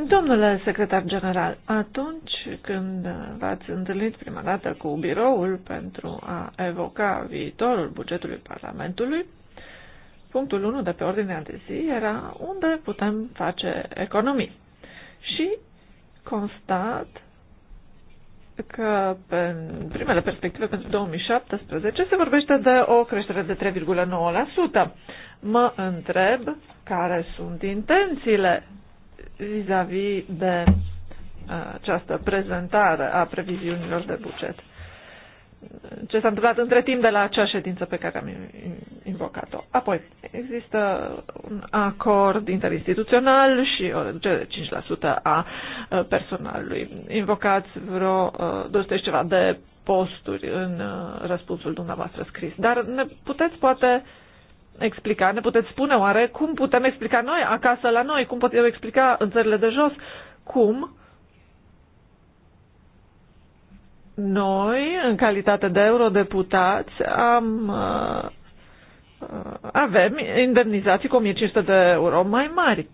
Domnule secretar general, atunci când v-ați întâlnit prima dată cu biroul pentru a evoca viitorul bugetului Parlamentului, punctul 1 de pe ordinea de zi era unde putem face economii. Și constat că pe primele perspective pentru 2017 se vorbește de o creștere de 3,9%. Mă întreb care sunt intențiile vis-a-vis -vis de uh, această prezentare a previziunilor de buget. Ce s-a întâmplat între timp de la acea ședință pe care am invocat-o. Apoi, există un acord interinstituțional și o reducere de 5% a uh, personalului. Invocați vreo 200 uh, și ceva de posturi în răspunsul dumneavoastră scris. Dar ne puteți poate uh, explica? Ne puteți spune oare cum putem explica noi acasă la noi? Cum putem explica în țările de jos? Cum noi, în calitate de eurodeputați, am, uh, avem indemnizații cu 1500 de euro mai mari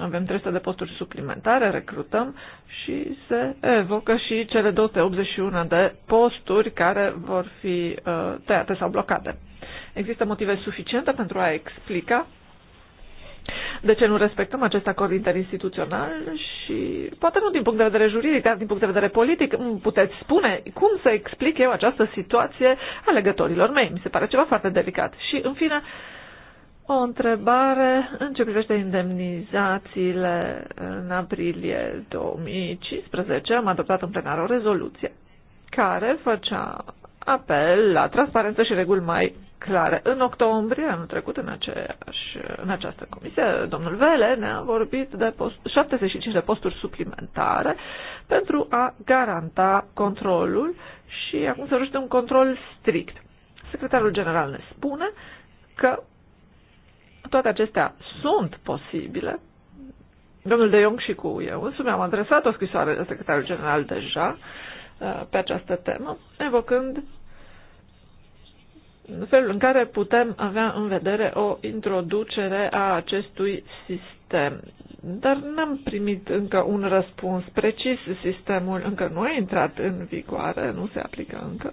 avem 300 de posturi suplimentare, recrutăm și se evocă și cele 281 de posturi care vor fi uh, tăiate sau blocate. Există motive suficiente pentru a explica de ce nu respectăm acest acord interinstituțional și poate nu din punct de vedere juridic, dar din punct de vedere politic puteți spune cum să explic eu această situație alegătorilor mei. Mi se pare ceva foarte delicat. Și în fine, o întrebare în ce privește indemnizațiile în aprilie 2015. Am adoptat în plenar o rezoluție care făcea apel la transparență și reguli mai clare. În octombrie, anul trecut, în, aceeași, în această comisie, domnul Vele ne-a vorbit de post, 75 de posturi suplimentare pentru a garanta controlul și acum se ruște un control strict. Secretarul general ne spune că toate acestea sunt posibile. Domnul De Jong și cu eu însumi am adresat o scrisoare de secretarul general deja uh, pe această temă, evocând felul în care putem avea în vedere o introducere a acestui sistem. Dar n-am primit încă un răspuns precis. Sistemul încă nu a intrat în vigoare, nu se aplică încă.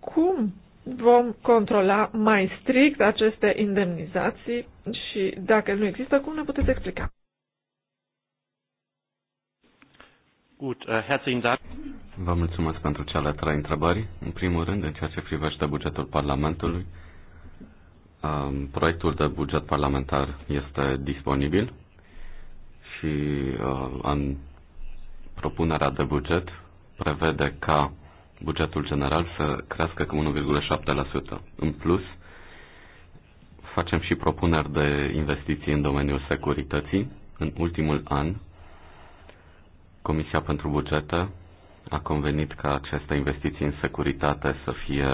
Cum vom controla mai strict aceste indemnizații și dacă nu există, cum ne puteți explica? Gut, uh, herzlichen Dank. Vă mulțumesc pentru cele trei întrebări. În primul rând, în ceea ce privește bugetul Parlamentului, um, proiectul de buget parlamentar este disponibil și uh, în propunerea de buget prevede ca bugetul general să crească cu 1,7%. În plus, facem și propuneri de investiții în domeniul securității. În ultimul an, Comisia pentru Bugete a convenit ca aceste investiții în securitate să fie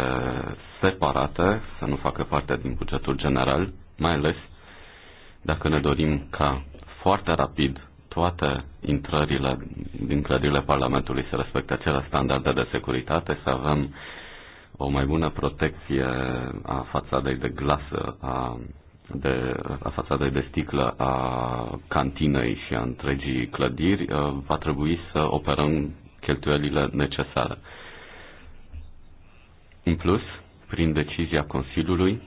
separate, să nu facă parte din bugetul general, mai ales dacă ne dorim ca foarte rapid toate intrările din clădirile Parlamentului să respecte acele standarde de securitate, să avem o mai bună protecție a fațadei de glasă, a, de, a fațadei de sticlă, a cantinei și a întregii clădiri, uh, va trebui să operăm cheltuielile necesare. În plus, prin decizia Consiliului,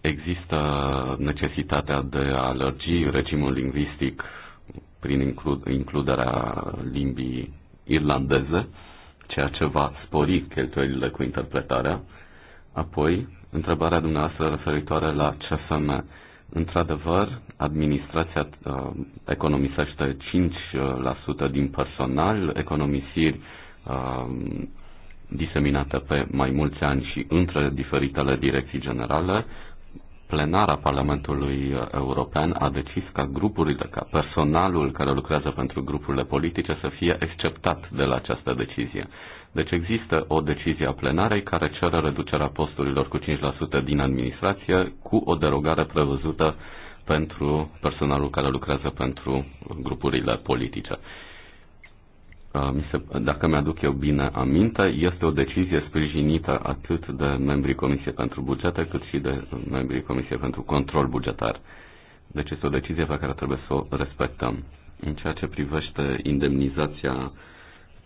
există necesitatea de a alergi regimul lingvistic prin includerea limbii irlandeze, ceea ce va spori cheltuielile cu interpretarea. Apoi, întrebarea dumneavoastră referitoare la CFM. Într-adevăr, administrația uh, economisește 5% din personal, economisiri uh, diseminate pe mai mulți ani și între diferitele direcții generale, plenara Parlamentului European a decis ca grupurile, ca personalul care lucrează pentru grupurile politice să fie exceptat de la această decizie. Deci există o decizie a plenarei care cere reducerea posturilor cu 5% din administrație cu o derogare prevăzută uh, pentru personalul care lucrează pentru grupurile politice. Uh, dacă mi-aduc eu bine aminte, este o decizie sprijinită atât de membrii Comisiei pentru Bugete, cât și de membrii Comisiei pentru Control Bugetar. Deci este o decizie pe care trebuie să o respectăm. În ceea ce privește indemnizația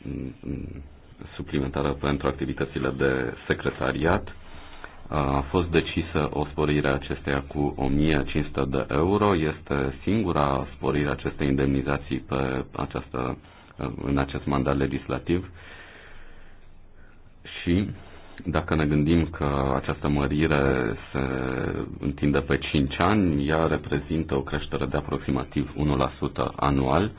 mm, mm, suplimentară pentru activitățile de secretariat, a fost decisă o sporire a acesteia cu 1500 de euro. Este singura sporire a acestei indemnizații pe această, în acest mandat legislativ. Și dacă ne gândim că această mărire se întinde pe 5 ani, ea reprezintă o creștere de aproximativ 1% anual.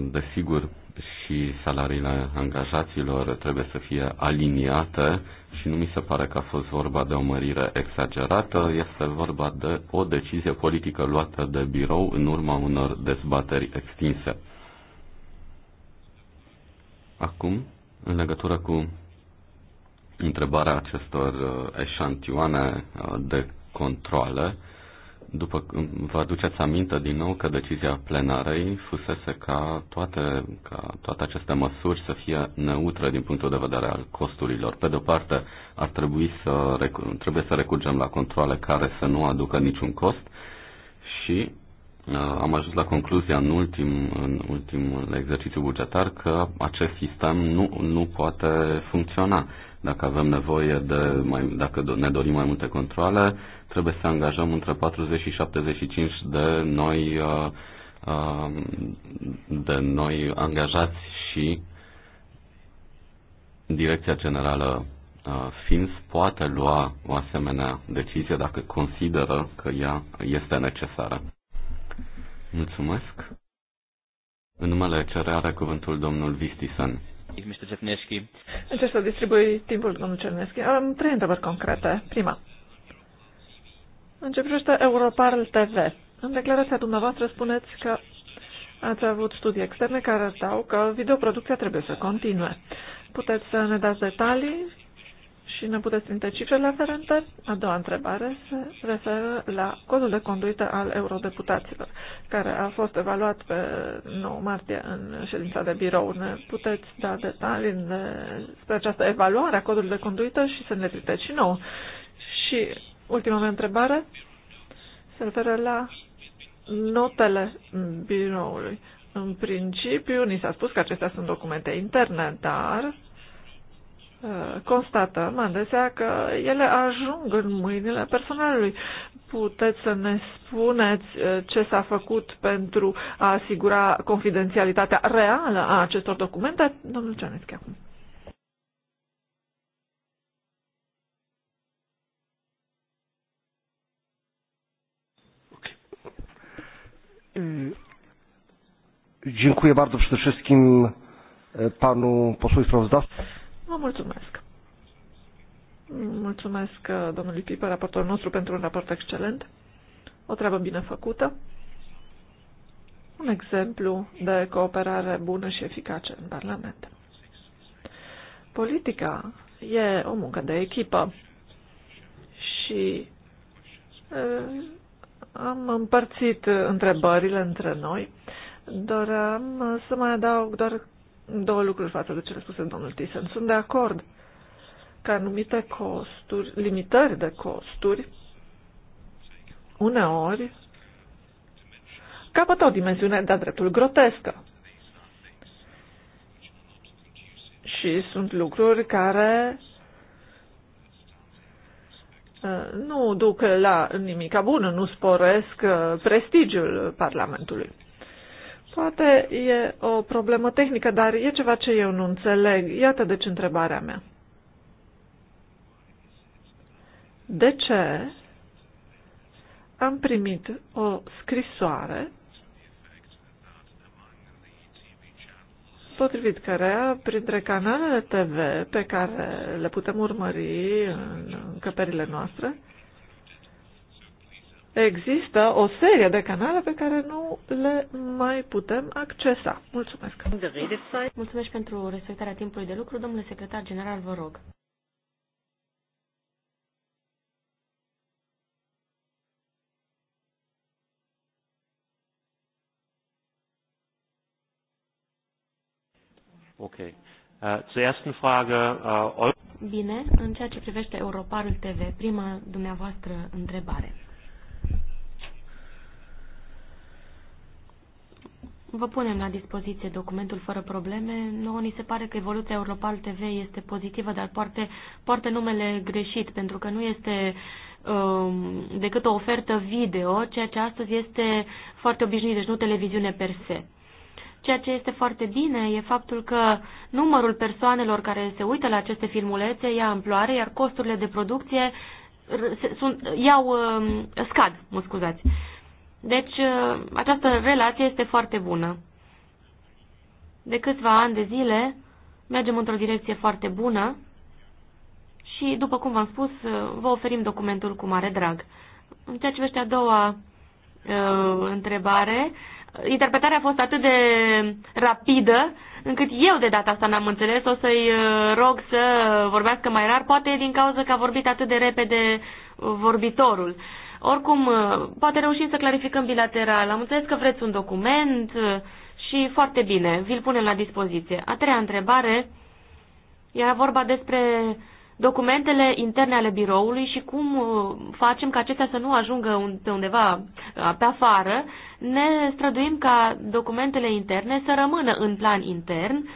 Desigur, și salariile angajaților trebuie să fie aliniate și nu mi se pare că a fost vorba de o mărire exagerată, este vorba de o decizie politică luată de birou în urma unor dezbateri extinse. Acum, în legătură cu întrebarea acestor uh, eșantioane uh, de controle, după vă aduceți aminte din nou că decizia plenarei fusese ca toate, ca toate aceste măsuri să fie neutre din punctul de vedere al costurilor. Pe de-o parte, ar trebui să, trebuie să recurgem la controle care să nu aducă niciun cost și uh, am ajuns la concluzia în, ultim, în ultimul exercițiu bugetar că acest sistem nu, nu poate funcționa. Dacă avem nevoie de mai, dacă ne dorim mai multe controle, uh, trebuie să angajăm între 40 și 75 de noi, uh, um, de noi angajați și Direcția Generală uh, FINS poate lua o asemenea decizie dacă consideră că ea este necesară. Mulțumesc. În numele CR are cuvântul domnul Vistisen. Încerc să distribui timpul, domnul Cernescu. Am trei întrebări concrete. Prima, în ce privește Europarl TV, în declarația dumneavoastră spuneți că ați avut studii externe care arătau că videoproducția trebuie să continue. Puteți să ne dați detalii și ne puteți trimite cifrele aferente? A doua întrebare se referă la codul de conduită al eurodeputaților, care a fost evaluat pe 9 martie în ședința de birou. Ne puteți da detalii despre această evaluare a codului de conduită și să ne trimite și nouă? Și Ultima mea întrebare se referă la notele biroului. În principiu, ni s-a spus că acestea sunt documente interne, dar uh, constatăm adesea că ele ajung în mâinile personalului. Puteți să ne spuneți uh, ce s-a făcut pentru a asigura confidențialitatea reală a acestor documente? Domnul Cianeschi, acum. Dziękuję bardzo przede wszystkim panu posłowi sprawozdawcy. No, mulțumesc. Mulțumesc domnului Pipa, raportorul nostru, pentru un raport excelent. O treabă bine făcută. Un exemplu de cooperare bună și eficace în Parlament. Politica e o muncă de echipă și am împărțit întrebările între noi. Doream să mai adaug doar două lucruri față de cele spuse domnul Thyssen. Sunt de acord că anumite costuri, limitări de costuri, uneori capătă o dimensiune de-a dreptul grotescă. Și sunt lucruri care Eh, nu duc la nimic bun, nu sporesc eh, prestigiul Parlamentului. Poate e o problemă tehnică, dar e ceva ce eu nu înțeleg. Iată deci întrebarea mea. De ce am primit o scrisoare potrivit cărea, printre canalele TV pe care le putem urmări în încăperile noastre, există o serie de canale pe care nu le mai putem accesa. Mulțumesc! Mulțumesc pentru respectarea timpului de lucru. Domnule secretar general, vă rog. Okay. Uh, zur ersten Frage, uh, Bine, în ceea ce privește Europarul TV, prima dumneavoastră întrebare. Vă punem la dispoziție documentul fără probleme. Nouă ni se pare că evoluția Europal TV este pozitivă, dar poartă, poate numele greșit, pentru că nu este um, decât o ofertă video, ceea ce astăzi este foarte obișnuit, deci nu televiziune per se. Ceea ce este foarte bine e faptul că numărul persoanelor care se uită la aceste filmulețe ia amploare, iar costurile de producție sunt, iau, um, scad, mă scuzați. Deci, uh, această relație este foarte bună. De câțiva ani de zile mergem într-o direcție foarte bună și, după cum v-am spus, uh, vă oferim documentul cu mare drag. În ceea ce vește a doua uh, întrebare, uh, interpretarea a fost atât de rapidă încât eu de data asta n-am înțeles. O să-i uh, rog să vorbească mai rar, poate din cauza că a vorbit atât de repede uh, vorbitorul. Oricum, uh, poate reușim să clarificăm bilateral. Am înțeles că vreți un document și foarte bine, vi-l punem la dispoziție. A treia întrebare era vorba despre documentele interne ale biroului și cum uh, facem ca acestea să nu ajungă pe undeva uh, pe afară, ne străduim ca documentele interne să rămână în plan intern,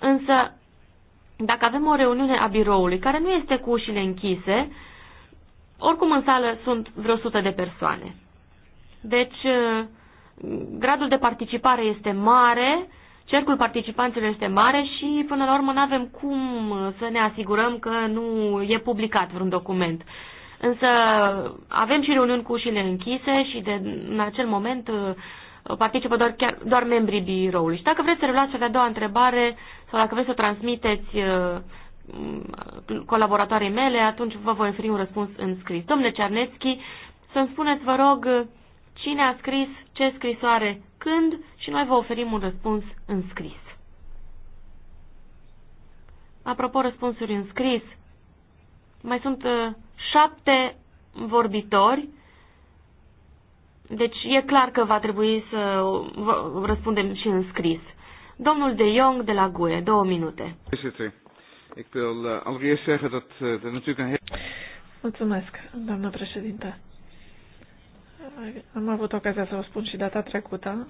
însă dacă avem o reuniune a biroului care nu este cu ușile închise, oricum în sală sunt vreo sută de persoane. Deci, uh, gradul de participare este mare, cercul participanților este mare și până la urmă nu avem cum să ne asigurăm că nu e publicat vreun document. Însă avem și reuniuni cu ușile închise și de, în acel moment participă doar, chiar, doar membrii biroului. Și dacă vreți să reluați cea de-a doua întrebare sau dacă vreți să o transmiteți uh, colaboratoarei mele, atunci vă voi oferi un răspuns în scris. Domnule Cernețchi, să-mi spuneți, vă rog, cine a scris ce scrisoare când și noi vă oferim un răspuns în scris. Apropo răspunsuri în scris, mai sunt uh, șapte vorbitori, deci e clar că va trebui să răspundem și în scris. Domnul De Jong de la GUE, două minute. Uh, uh, Mulțumesc, doamnă președinte am avut ocazia să vă spun și data trecută,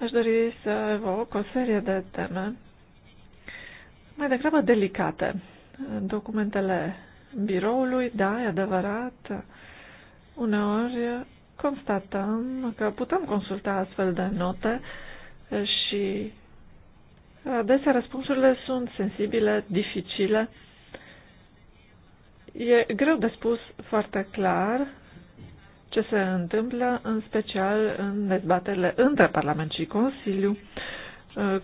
aș dori să evoc o serie de teme mai degrabă delicate. Documentele biroului, da, e adevărat, uneori constatăm că putem consulta astfel de note și adesea răspunsurile sunt sensibile, dificile. E greu de spus foarte clar ce se întâmplă, în special în dezbaterile între Parlament și Consiliu. Uh,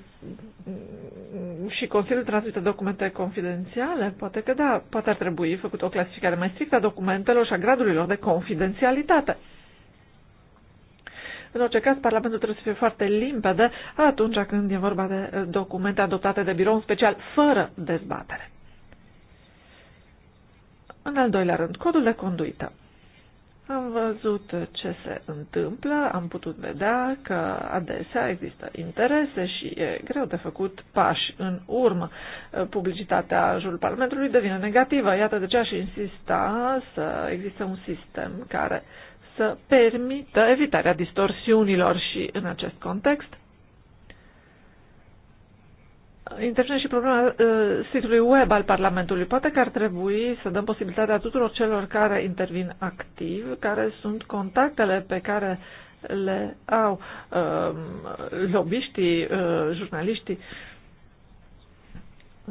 și Consiliul transmite documente confidențiale? Poate că da, poate ar trebui făcut o clasificare mai strictă a documentelor și a gradurilor de confidențialitate. În orice caz, Parlamentul trebuie să fie foarte limpede atunci când e vorba de uh, documente adoptate de birou, în special fără dezbatere. În al doilea rând, codul de conduită. Am văzut ce se întâmplă, am putut vedea că adesea există interese și e greu de făcut pași în urmă. Publicitatea jurul Parlamentului devine negativă. Iată de ce aș insista să existe un sistem care să permită evitarea distorsiunilor și în acest context intervine și problema uh, sitului web al Parlamentului. Poate că ar trebui să dăm posibilitatea tuturor celor care intervin activ, care sunt contactele pe care le au uh, lobiștii, uh, jurnaliștii,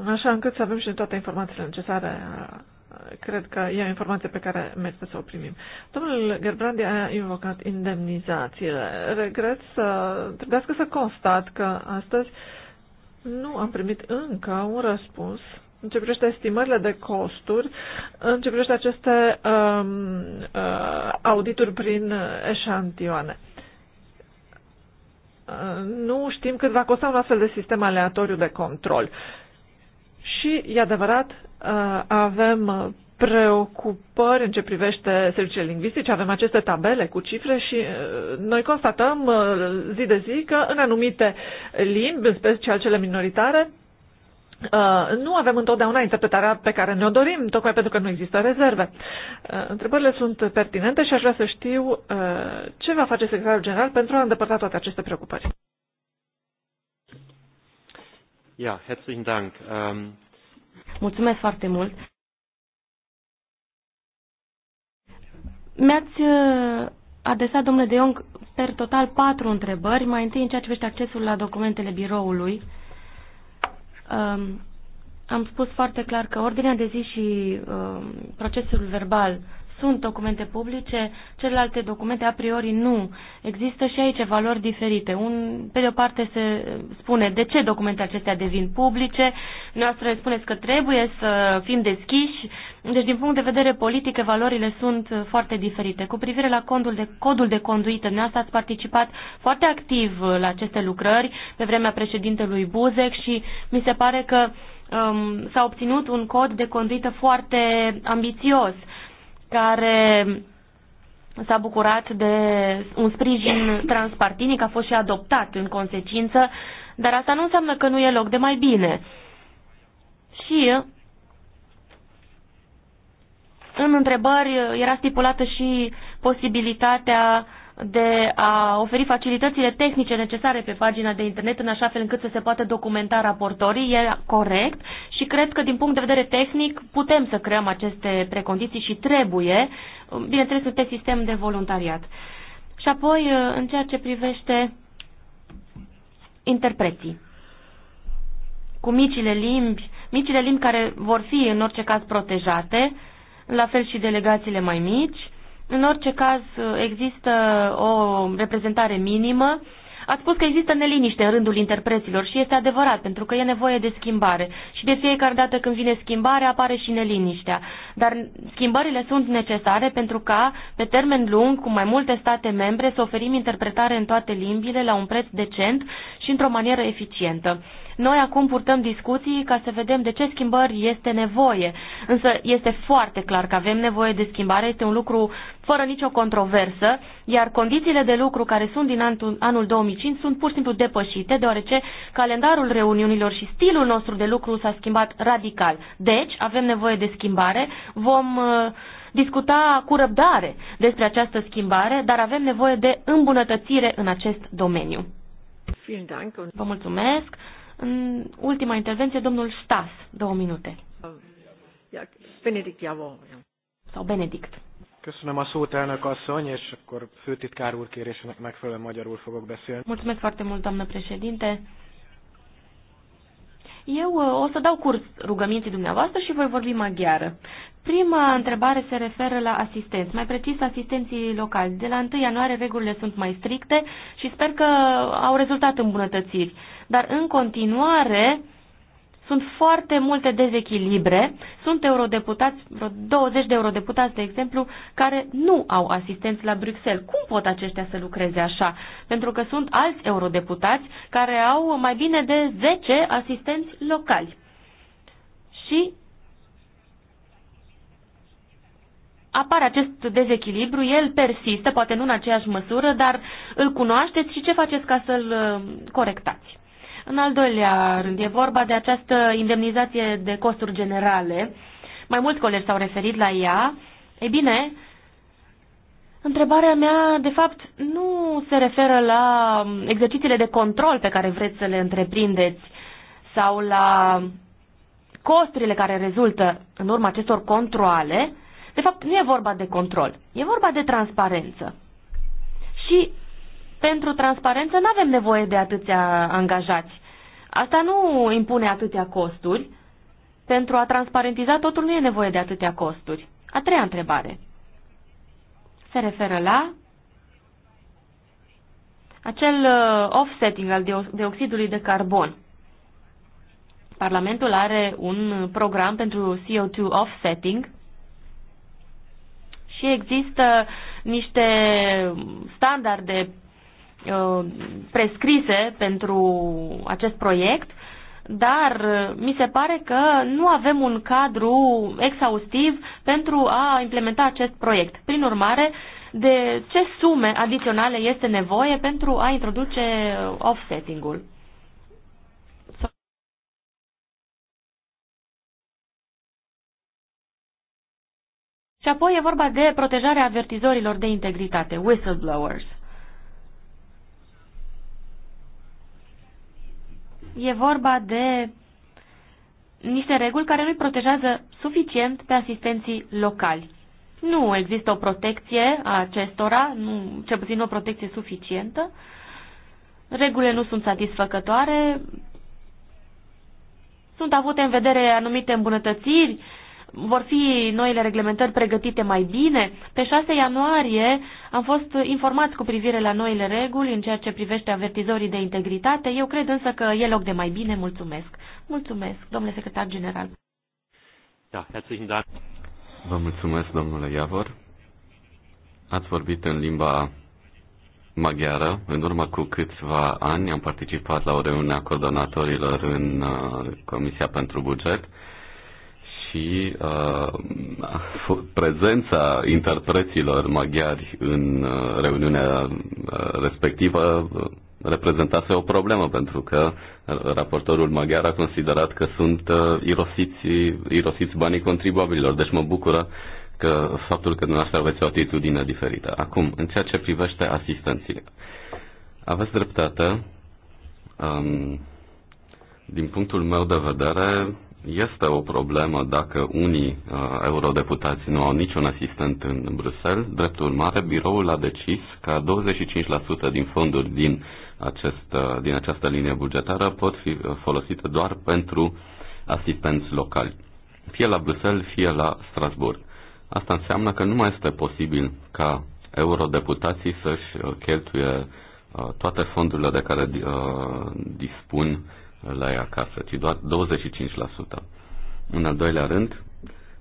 așa încât să avem și toate informațiile necesare. Cred că e o informație pe care merită să o primim. Domnul Gerbrandi a invocat indemnizațiile. Regret să trebuiască să constat că astăzi uh, nu am primit încă un răspuns în ce privește estimările de costuri, în ce privește aceste um, uh, audituri prin eșantioane. Uh, nu știm cât va costa un astfel de sistem aleatoriu de control. Și, e adevărat, uh, avem preocupări în ce privește serviciile lingvistice. Avem aceste tabele cu cifre și uh, noi constatăm uh, zi de zi că în anumite limbi, în special cele minoritare, uh, nu avem întotdeauna interpretarea pe care ne-o dorim, tocmai pentru că nu există rezerve. Întrebările sunt pertinente și aș vrea să știu ce va face secretarul general pentru a îndepărta toate aceste preocupări. Ja, herzlichen Dank. Um... Mulțumesc foarte mult. Mi-ați uh, adresat, domnule De Jong, per total patru întrebări. Mai întâi, în ceea ce privește accesul la documentele biroului, um, am spus foarte clar că ordinea de zi și um, procesul verbal sunt documente publice, celelalte documente a priori nu. Există și aici valori diferite. Un, pe de o parte se spune de ce documentele acestea devin publice, noastră ne spuneți că trebuie să fim deschiși, deci din punct de vedere politic valorile sunt foarte diferite. Cu privire la codul de, codul de conduită, noastră ați participat foarte activ la aceste lucrări pe vremea președintelui Buzek și mi se pare că um, s-a obținut un cod de conduită foarte ambițios care s-a bucurat de un sprijin transpartinic, a fost și adoptat în consecință, dar asta nu înseamnă că nu e loc de mai bine. Și în întrebări era stipulată și posibilitatea de a oferi facilitățile tehnice necesare pe pagina de internet în așa fel încât să se poată documenta raportorii, e corect și cred că din punct de vedere tehnic putem să creăm aceste precondiții și trebuie, bineînțeles, pe sistem de voluntariat. Și apoi, în ceea ce privește interpreții, cu micile limbi, micile limbi care vor fi în orice caz protejate, la fel și delegațiile mai mici, în orice caz, există o reprezentare minimă. Ați spus că există neliniște în rândul interpreților și este adevărat, pentru că e nevoie de schimbare. Și de fiecare dată când vine schimbare, apare și neliniștea. Dar schimbările sunt necesare pentru ca, pe termen lung, cu mai multe state membre, să oferim interpretare în toate limbile la un preț decent și într-o manieră eficientă. Noi acum purtăm discuții ca să vedem de ce schimbări este nevoie. Însă este foarte clar că avem nevoie de schimbare, este un lucru fără nicio controversă, iar condițiile de lucru care sunt din anul 2005 sunt pur și simplu depășite, deoarece calendarul reuniunilor și stilul nostru de lucru s-a schimbat radical. Deci, avem nevoie de schimbare, vom uh, discuta cu răbdare despre această schimbare, dar avem nevoie de îmbunătățire în acest domeniu. Vă mulțumesc. În ultima intervenție, domnul Stas, două minute. Benedict Javor. Sau benedict. Köszönöm a szót, elnök asszony, és akkor főtitkár úr kérésének megfelelően magyarul fogok beszélni. Mulțumesc foarte mult, doamnă președinte. Eu uh, o să dau curs rugăminții dumneavoastră și voi vorbi maghiară. Prima întrebare se referă la asistenți, mai precis asistenții locali. De la 1 ianuarie regulile sunt mai stricte și sper că au rezultat îmbunătățiri. Dar în continuare, sunt foarte multe dezechilibre. Sunt eurodeputați, vreo 20 de eurodeputați, de exemplu, care nu au asistenți la Bruxelles. Cum pot aceștia să lucreze așa? Pentru că sunt alți eurodeputați care au mai bine de 10 asistenți locali. Și apare acest dezechilibru, el persistă, poate nu în aceeași măsură, dar îl cunoașteți și ce faceți ca să-l uh, corectați? În al doilea rând, e vorba de această indemnizație de costuri generale. Mai mulți colegi s-au referit la ea. Ei bine, întrebarea mea, de fapt, nu se referă la exercițiile de control pe care vreți să le întreprindeți sau la costurile care rezultă în urma acestor controle. De fapt, nu e vorba de control, e vorba de transparență. Și pentru transparență nu avem nevoie de atâția angajați. Asta nu impune atâtea costuri. Pentru a transparentiza totul nu e nevoie de atâtea costuri. A treia întrebare se referă la acel uh, offsetting al dioxidului de carbon. Parlamentul are un program pentru CO2 offsetting și există niște standarde Uh, prescrise pentru acest proiect, dar uh, mi se pare că nu avem un cadru exhaustiv pentru a implementa acest proiect. Prin urmare, de ce sume adiționale este nevoie pentru a introduce uh, offsetting-ul? Și apoi e vorba de protejarea avertizorilor de integritate, whistleblowers. e vorba de niște reguli care nu-i protejează suficient pe asistenții locali. Nu există o protecție a acestora, nu, cel puțin o protecție suficientă. Regulile nu sunt satisfăcătoare. Sunt avute în vedere anumite îmbunătățiri vor fi noile reglementări pregătite mai bine? Pe 6 ianuarie am fost informați cu privire la noile reguli în ceea ce privește avertizorii de integritate. Eu cred însă că e loc de mai bine. Mulțumesc. Mulțumesc, domnule secretar general. Da, herzlichen Dank. Vă mulțumesc, domnule Iavor. Ați vorbit în limba maghiară. În urmă cu câțiva ani am participat la o reuniune a coordonatorilor în uh, Comisia pentru Buget și uh, prezența interpreților maghiari în uh, reuniunea uh, respectivă uh, reprezentase o problemă, pentru că raportorul maghiar a considerat că sunt irosiți, irosiți banii contribuabililor. Deci mă bucură că faptul că dumneavoastră aveți o atitudine diferită. Acum, în ceea ce privește asistenții, aveți dreptate. Um, din punctul meu de vedere, este o problemă dacă unii uh, eurodeputați nu au niciun asistent în Bruxelles. Drept urmare, biroul a decis ca 25% din fonduri din, acest, uh, din această linie bugetară pot fi uh, folosite doar pentru asistenți locali, fie la Bruxelles, fie la Strasburg. Asta înseamnă că nu mai este posibil ca eurodeputații să-și uh, cheltuie uh, toate fondurile de care dispun la ea acasă, ci doar 25%. În al doilea rând,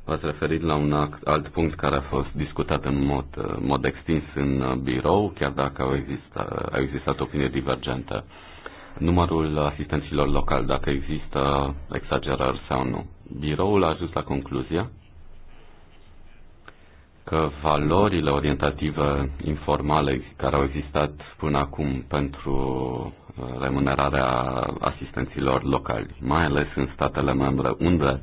v-ați referit la un alt punct care a fost discutat în mod, mod extins în uh, birou, chiar dacă au existat, au existat opinie divergentă. Numărul asistenților locali, dacă există exagerări sau nu. Biroul a ajuns la concluzia că valorile orientative informale care au existat până acum pentru remunerarea asistenților locali, mai ales în statele membre unde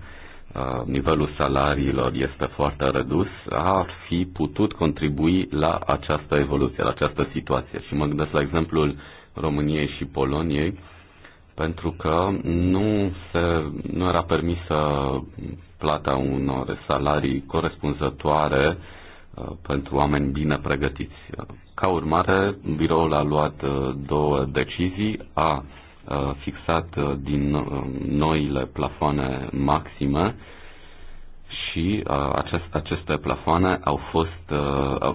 uh, nivelul salariilor este foarte redus, ar fi putut contribui la această evoluție, la această situație. Și mă gândesc la exemplul României și Poloniei, pentru că nu, se, nu era permisă plata unor salarii corespunzătoare uh, pentru oameni bine pregătiți. Ca urmare, biroul a luat uh, două decizii, a uh, fixat uh, din noile plafoane maxime și acest, aceste plafoane au fost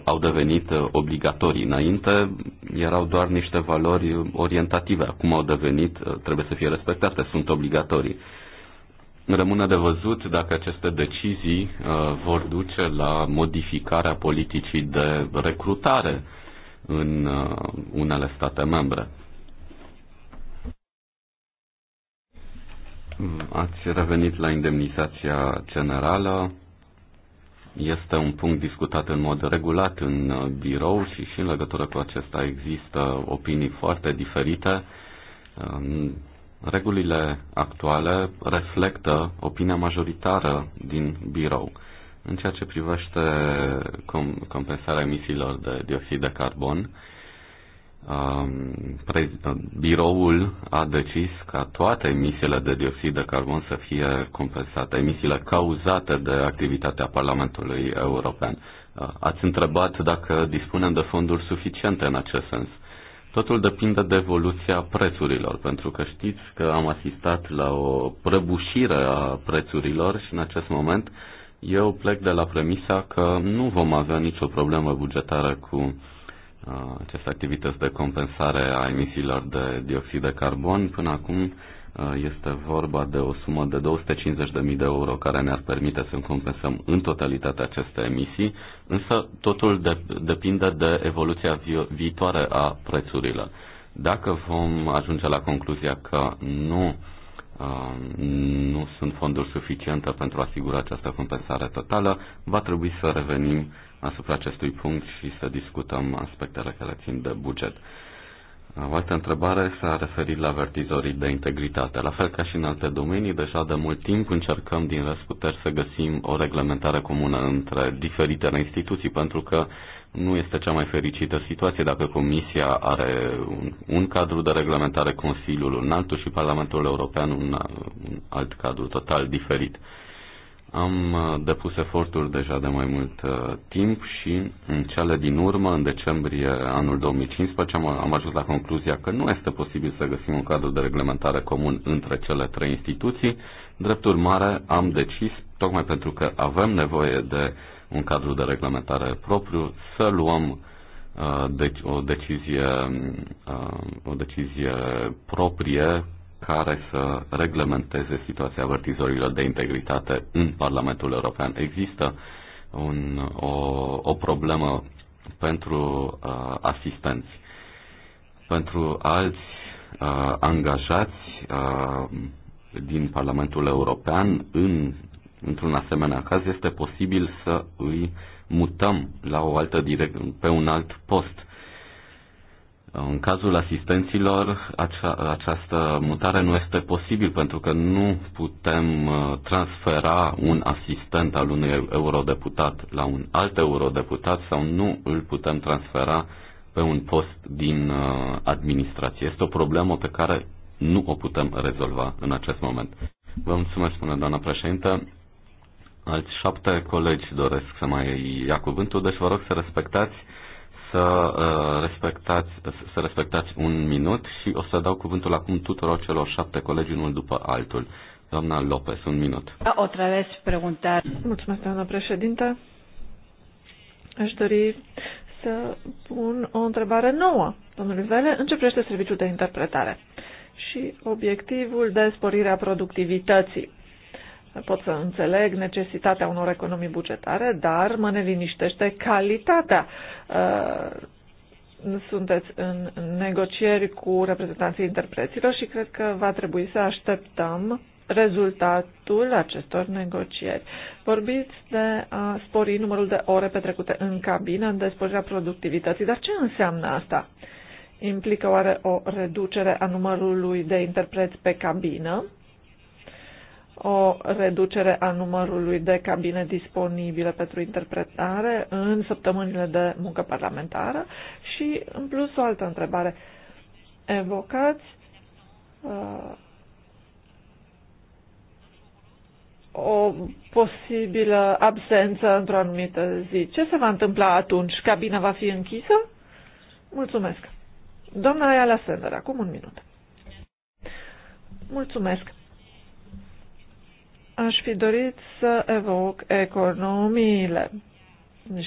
au devenit obligatorii. Înainte erau doar niște valori orientative, acum au devenit trebuie să fie respectate, sunt obligatorii. Rămâne de văzut dacă aceste decizii uh, vor duce la modificarea politicii de recrutare în uh, unele state membre. Ați revenit la indemnizația generală. Este un punct discutat în mod regulat în uh, birou și și în legătură cu acesta există opinii foarte diferite um, Regulile actuale reflectă opinia majoritară din birou în ceea ce privește com- compensarea emisiilor de dioxid de carbon. Um, biroul a decis ca toate emisiile de dioxid de carbon să fie compensate, emisiile cauzate de activitatea Parlamentului European. Uh, ați întrebat dacă dispunem de fonduri suficiente în acest sens. Totul depinde de evoluția prețurilor, pentru că știți că am asistat la o prăbușire a prețurilor și în acest moment eu plec de la premisa că nu vom avea nicio problemă bugetară cu uh, aceste activități de compensare a emisiilor de dioxid de carbon. Până acum Uh, este vorba de o sumă de 250.000 de euro care ne-ar permite să compensăm în totalitate aceste emisii, însă totul de, depinde de evoluția vi- viitoare a prețurilor. Dacă vom ajunge la concluzia că nu, uh, nu sunt fonduri suficiente pentru a asigura această compensare totală, va trebui să revenim asupra acestui punct și să discutăm aspectele care țin de buget. O altă întrebare s-a referit la avertizorii de integritate. La fel ca și în alte domenii, deja de mult timp încercăm din răsputeri să găsim o reglementare comună între diferitele instituții, pentru că nu este cea mai fericită situație dacă Comisia are un, un cadru de reglementare, Consiliul un altul și Parlamentul European un, un alt cadru total diferit. Am uh, depus eforturi deja de mai mult uh, timp și în cele din urmă, în decembrie anul 2015, am, am ajuns la concluzia că nu este posibil să găsim un cadru de reglementare comun între cele trei instituții. Drept urmare, am decis, tocmai pentru că avem nevoie de un cadru de reglementare propriu, să luăm uh, de- deci, o decizie, uh, o decizie proprie care să reglementeze situația avertizorilor de integritate în Parlamentul European. Există un, o, o problemă pentru uh, asistenți. Pentru alți uh, angajați uh, din Parlamentul European, în, într-un asemenea caz, este posibil să îi mutăm la o altă direct, pe un alt post. În cazul asistenților, acea, această mutare nu este posibil pentru că nu putem uh, transfera un asistent al unui eurodeputat la un alt eurodeputat sau nu îl putem transfera pe un post din uh, administrație. Este o problemă pe care nu o putem rezolva în acest moment. Vă mulțumesc, spune doamna președintă. Alți șapte colegi doresc să mai ia cuvântul, deci vă rog să respectați să uh, respectați, să respectați un minut și o să dau cuvântul acum tuturor celor șapte colegi unul după altul. Doamna Lopez, un minut. O vez preguntare. Mulțumesc, doamna președinte. Aș dori să pun o întrebare nouă. Domnul Vele, începește serviciul de interpretare și obiectivul de sporire a productivității? Pot să înțeleg necesitatea unor economii bugetare, dar mă neliniștește calitatea. Uh, sunteți în negocieri cu reprezentanții interpreților și cred că va trebui să așteptăm rezultatul acestor negocieri. Vorbiți de a spori numărul de ore petrecute în cabină, de sporirea productivității, dar ce înseamnă asta? Implică oare o reducere a numărului de interpreți pe cabină? o reducere a numărului de cabine disponibile pentru interpretare în săptămânile de muncă parlamentară și, în plus, o altă întrebare. Evocați uh, o posibilă absență într-o anumită zi. Ce se va întâmpla atunci? Cabina va fi închisă? Mulțumesc. Doamna Aia Sender, acum un minut. Mulțumesc. Aș fi dorit să evoc economiile.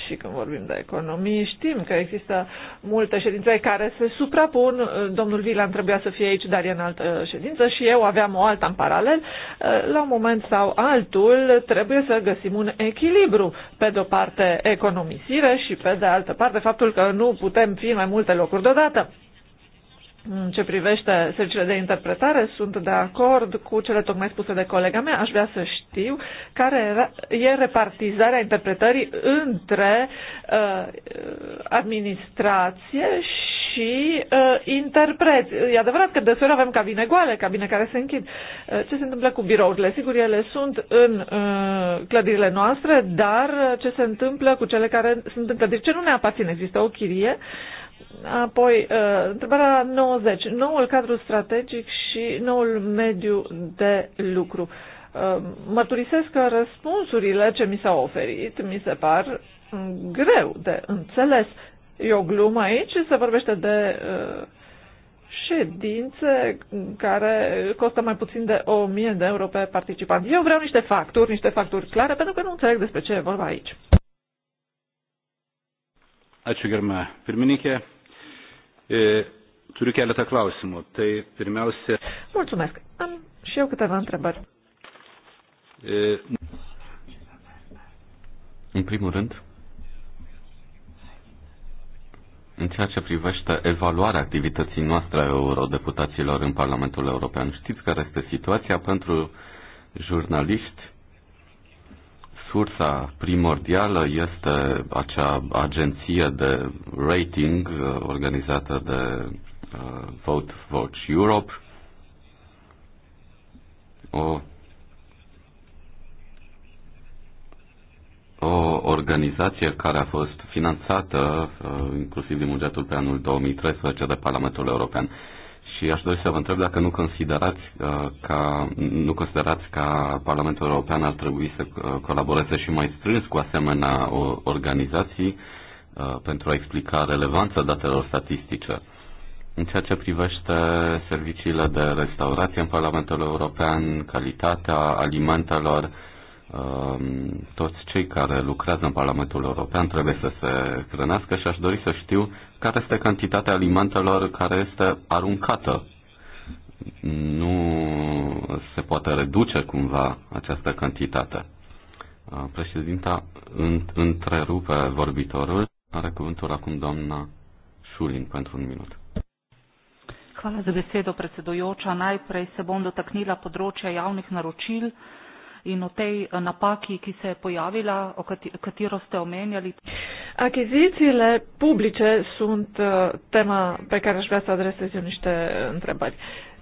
Și când vorbim de economii, știm că există multe ședințe care se suprapun. Domnul Vilan trebuia să fie aici, dar e în altă ședință și eu aveam o altă în paralel. La un moment sau altul trebuie să găsim un echilibru. Pe de o parte economisire și pe de altă parte faptul că nu putem fi în mai multe locuri deodată. În ce privește serviciile de interpretare, sunt de acord cu cele tocmai spuse de colega mea. Aș vrea să știu care e repartizarea interpretării între uh, administrație și uh, interpreți. E adevărat că deseori avem cabine goale, cabine care se închid. Uh, ce se întâmplă cu birourile? Sigur, ele sunt în uh, clădirile noastre, dar ce se întâmplă cu cele care sunt în clădiri? Ce nu ne aparțin? Există o chirie? Uh, Apoi, uh, întrebarea 90. Noul cadru strategic și noul mediu de lucru. Uh, mărturisesc că răspunsurile ce mi s-au oferit mi se par greu de înțeles. E o glumă aici, se vorbește de uh, ședințe care costă mai puțin de 1000 de euro pe participant. Eu vreau niște facturi, niște facturi clare, pentru că nu înțeleg despre ce e vorba aici. Ačiū germa pirmininkė. turiu keletą klausimų. Tai pirmiausia. Mulțumesc. Am și eu câteva întrebări. În primul rând, în ceea ce privește evaluarea activității noastre a eurodeputaților în Parlamentul European, știți care este situația pentru jurnaliști sursa primordială este acea agenție de rating uh, organizată de uh, Vote Watch Europe, o, o organizație care a fost finanțată uh, inclusiv din bugetul pe anul 2013 de Parlamentul European. Uh, și aș dori să vă întreb dacă nu considerați uh, ca, nu considerați ca Parlamentul European ar trebui să uh, colaboreze și mai strâns cu asemenea organizații uh, pentru a explica relevanța datelor statistice. În ceea ce privește serviciile de restaurație în Parlamentul European, calitatea alimentelor, um, toți cei care lucrează în Parlamentul European trebuie să se hrănească și aș dori să știu care este cantitatea alimentelor care este aruncată. Nu se poate reduce cumva această cantitate. Uh, președinta întrerupe vorbitorul. Are cuvântul acum doamna Șulin pentru un minut. Hvala za besedo, predsedujoča. Najprej se bom dotaknila področja javnih naročil in o tej eh, napaki, ki se je pojavila, o katero ste omenjali. Achizițiile publice sunt eh, tema pe care aș vrea să adresez eu niște eh, întrebări.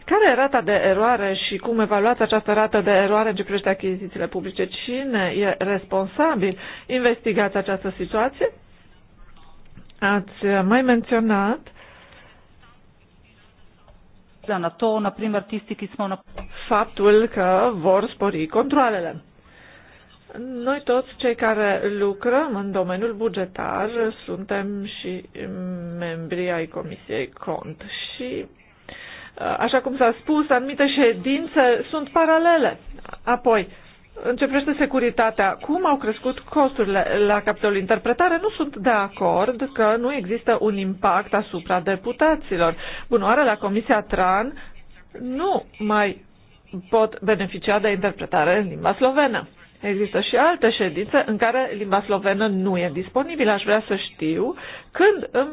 Care e rata de eroare și cum evaluați această rată de eroare în ce privește achizițiile publice? Cine e responsabil? Investigați această situație? Ați mai menționat la to, naprimer, tisti, ki Faptul că vor spori controlele. Noi toți cei care lucrăm în domeniul bugetar suntem și membri ai Comisiei Cont și, așa cum s-a spus, anumite ședințe sunt paralele. Apoi, în ce privește securitatea, cum au crescut costurile la capitolul interpretare? Nu sunt de acord că nu există un impact asupra deputaților. Bunoare la Comisia TRAN nu mai pot beneficia de interpretare în limba slovenă. Există și alte ședințe în care limba slovenă nu e disponibilă. Aș vrea să știu când,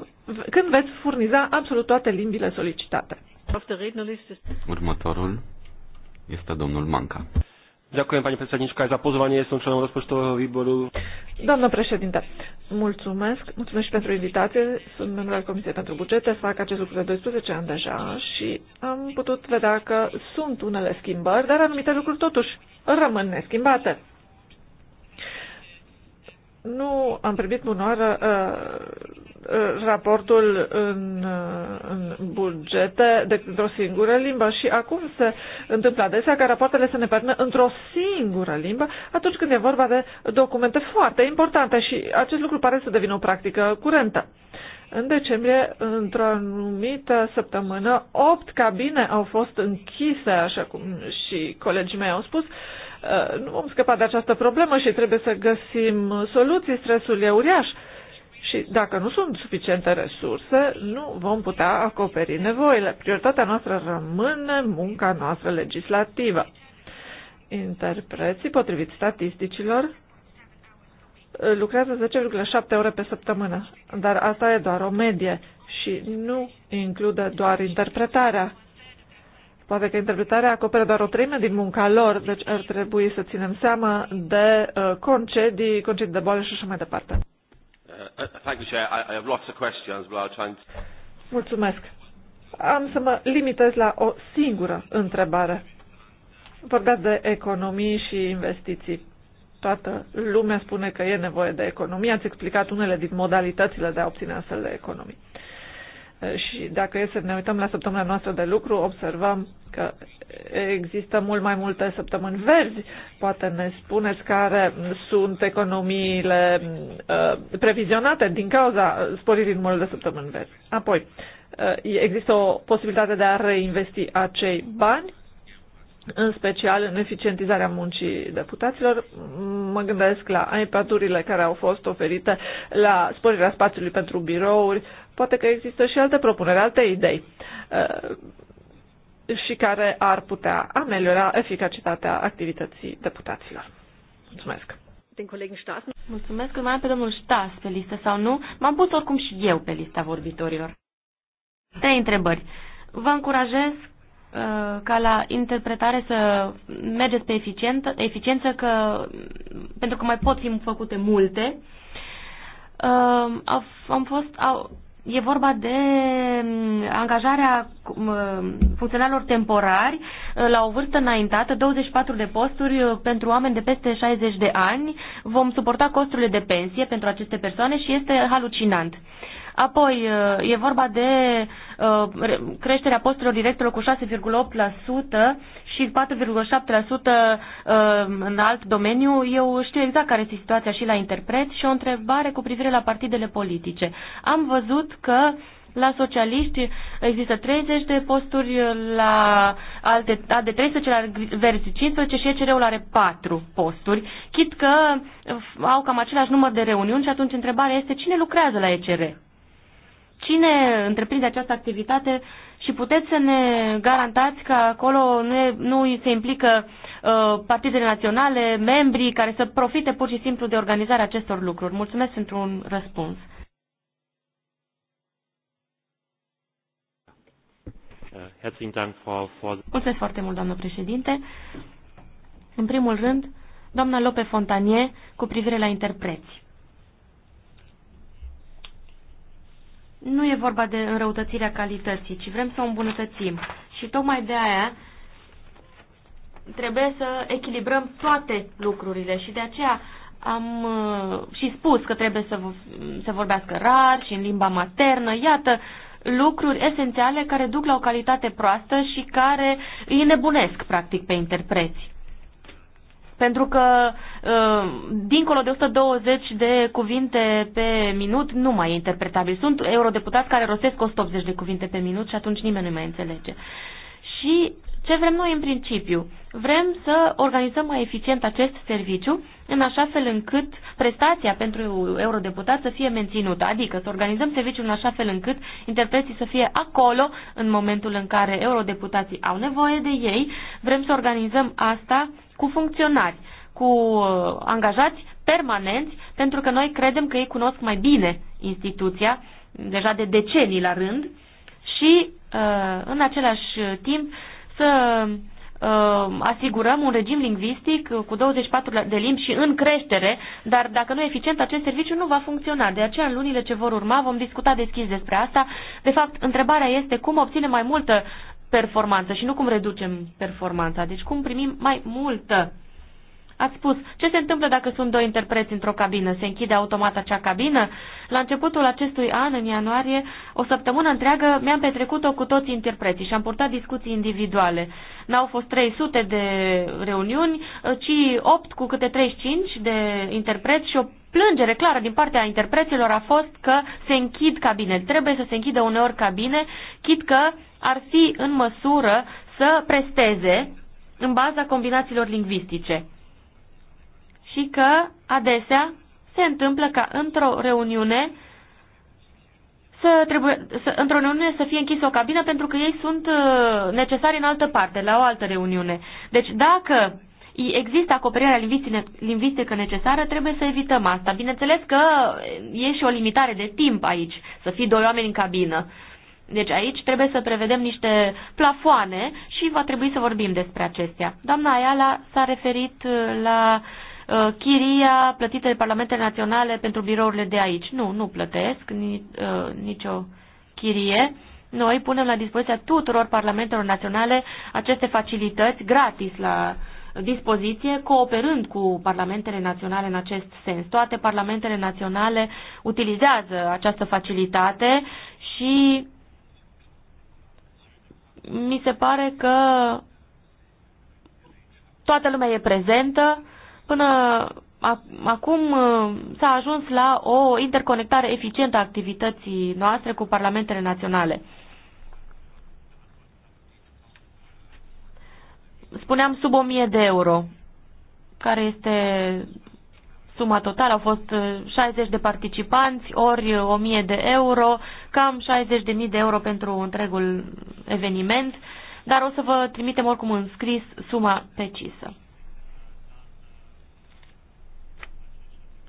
când veți furniza absolut toate limbile solicitate. Următorul este domnul Manca. Ďakujem, pani predsednička, aj za pozvanie. Som členom rozpočtového výboru. Doamnă președinte, mulțumesc. Mulțumesc și pentru invitație. Sunt membru al Comisiei pentru Bugete. Fac acest lucru de 12 ani deja și am putut vedea că sunt unele schimbări, dar anumite lucruri totuși rămân neschimbate. Nu am primit bunoară uh, uh, raportul în, uh, în bugete într o singură limbă și acum se întâmplă adesea ca rapoartele să ne permă într-o singură limbă atunci când e vorba de documente foarte importante și acest lucru pare să devină o practică curentă. În decembrie, într-o anumită săptămână, opt cabine au fost închise, așa cum și colegii mei au spus, uh, Eh, nu vom scăpa de această problemă și trebuie să găsim soluții. Stresul e uriaș și dacă nu sunt suficiente resurse, nu vom putea acoperi nevoile. Prioritatea noastră rămâne munca noastră legislativă. Interpreții, potrivit statisticilor, eh, lucrează 10,7 ore pe săptămână, dar asta e doar o medie și nu include doar interpretarea. Poate că interpretarea acoperă doar o treime din munca lor, deci ar trebui să ținem seama de uh, concedii, concedii de boală și așa mai departe. Uh, uh, Mulțumesc. Am să mă limitez la o singură întrebare. Vorbeați de economii și investiții. Toată lumea spune că e nevoie de economie. Ați explicat unele din modalitățile de a obține astfel de economii. Și dacă e să ne uităm la săptămâna noastră de lucru, observăm că există mult mai multe săptămâni verzi. Poate ne spuneți care sunt economiile uh, previzionate din cauza sporirii numărului de săptămâni verzi. Apoi, uh, există o posibilitate de a reinvesti acei bani în special în eficientizarea muncii deputaților. Mă gândesc la iPad-urile care au fost oferite la sporirea spațiului pentru birouri, uh, Poate că există și alte propuneri, alte idei uh, și care ar putea ameliora eficacitatea activității deputaților. Mulțumesc! Din colegul Stas. Mulțumesc că mai am pe domnul Stas pe listă sau nu. M-am pus oricum și eu pe lista vorbitorilor. Trei întrebări. Vă încurajez uh, ca la interpretare să mergeți pe eficientă, eficiență, că, pentru că mai pot fi făcute multe. Uh, am fost, au, E vorba de mm, angajarea mm, funcționarilor temporari eh, la o vârstă înaintată, 24 de posturi eh, pentru oameni de peste 60 de ani. Vom suporta costurile de pensie pentru aceste persoane și este halucinant. Apoi, eh, e vorba de creșterea posturilor directorilor cu 6,8%, și 4,7% uh, în alt domeniu. Eu știu exact care este situația și la interpret și o întrebare cu privire la partidele politice. Am văzut că la socialiști există 30 de posturi, la alte, de 13 la verzi 15 și ECR-ul are 4 posturi, chit că au cam același număr de reuniuni și atunci întrebarea este cine lucrează la ECR? cine întreprinde această activitate și puteți să ne garantați că acolo nu, e, nu se implică uh, partidele naționale, membrii care să profite pur și simplu de organizarea acestor lucruri. Mulțumesc pentru un răspuns. Mulțumesc foarte mult, doamnă președinte. În primul rând, doamna Lope Fontanie, cu privire la interpreți. nu e vorba de înrăutățirea calității, ci vrem să o îmbunătățim. Și tocmai de aia trebuie să echilibrăm toate lucrurile și de aceea am uh, și spus că trebuie să se vorbească rar și în limba maternă. Iată, lucruri esențiale care duc la o calitate proastă și care îi nebunesc, practic, pe interpreți. Pentru că, ă, dincolo de 120 de cuvinte pe minut, nu mai e interpretabil. Sunt eurodeputați care rostesc 180 de cuvinte pe minut și atunci nimeni nu mai înțelege. Și ce vrem noi în principiu? Vrem să organizăm mai eficient acest serviciu în așa fel încât prestația pentru eurodeputat să fie menținută, adică să organizăm serviciul în așa fel încât interpreții să fie acolo în momentul în care eurodeputații au nevoie de ei. Vrem să organizăm asta cu funcționari, cu uh, angajați permanenți, pentru că noi credem că ei cunosc mai bine instituția, deja de decenii la rând, și uh, în același timp să uh, asigurăm un regim lingvistic cu 24 de limbi și în creștere, dar dacă nu e eficient, acest serviciu nu va funcționa. De aceea, în lunile ce vor urma, vom discuta deschis despre asta. De fapt, întrebarea este cum obținem mai multă performanță și nu cum reducem performanța, deci cum primim mai multă Ați spus, ce se întâmplă dacă sunt doi interpreți într-o cabină? Se închide automat acea cabină? La începutul acestui an, în ianuarie, o săptămână întreagă mi-am petrecut-o cu toți interpreții și am purtat discuții individuale. N-au fost 300 de reuniuni, ci 8 cu câte 35 de interpreți și o plângere clară din partea interpreților a fost că se închid cabine. Trebuie să se închidă uneori cabine, chit că ar fi în măsură să presteze în baza combinațiilor lingvistice și că adesea se întâmplă ca într-o reuniune să trebuie, să, într-o reuniune să fie închisă o cabină pentru că ei sunt uh, necesari în altă parte, la o altă reuniune. Deci dacă există acoperirea lingvistică necesară, trebuie să evităm asta. Bineînțeles că uh, e și o limitare de timp aici, să fii doi oameni în cabină. Deci aici trebuie să prevedem niște plafoane și va trebui să vorbim despre acestea. Doamna Ayala s-a referit uh, la uh, uh, chiria plătită de parlamentele naționale pentru birourile de aici. Nu, nu plătesc ni, uh, nicio chirie. Noi punem la dispoziția tuturor parlamentelor naționale aceste facilități gratis la dispoziție, cooperând cu parlamentele naționale în acest sens. Toate parlamentele naționale utilizează această facilitate și mi se pare că toată lumea e prezentă, Până acum uh, s-a ajuns la o interconectare eficientă a activității noastre cu parlamentele naționale. Spuneam sub 1000 de euro, care este suma totală. Au fost 60 uh, de participanți, ori 1000 uh, de euro, cam 60.000 de euro pentru întregul eveniment, dar o să vă trimitem oricum în scris suma precisă.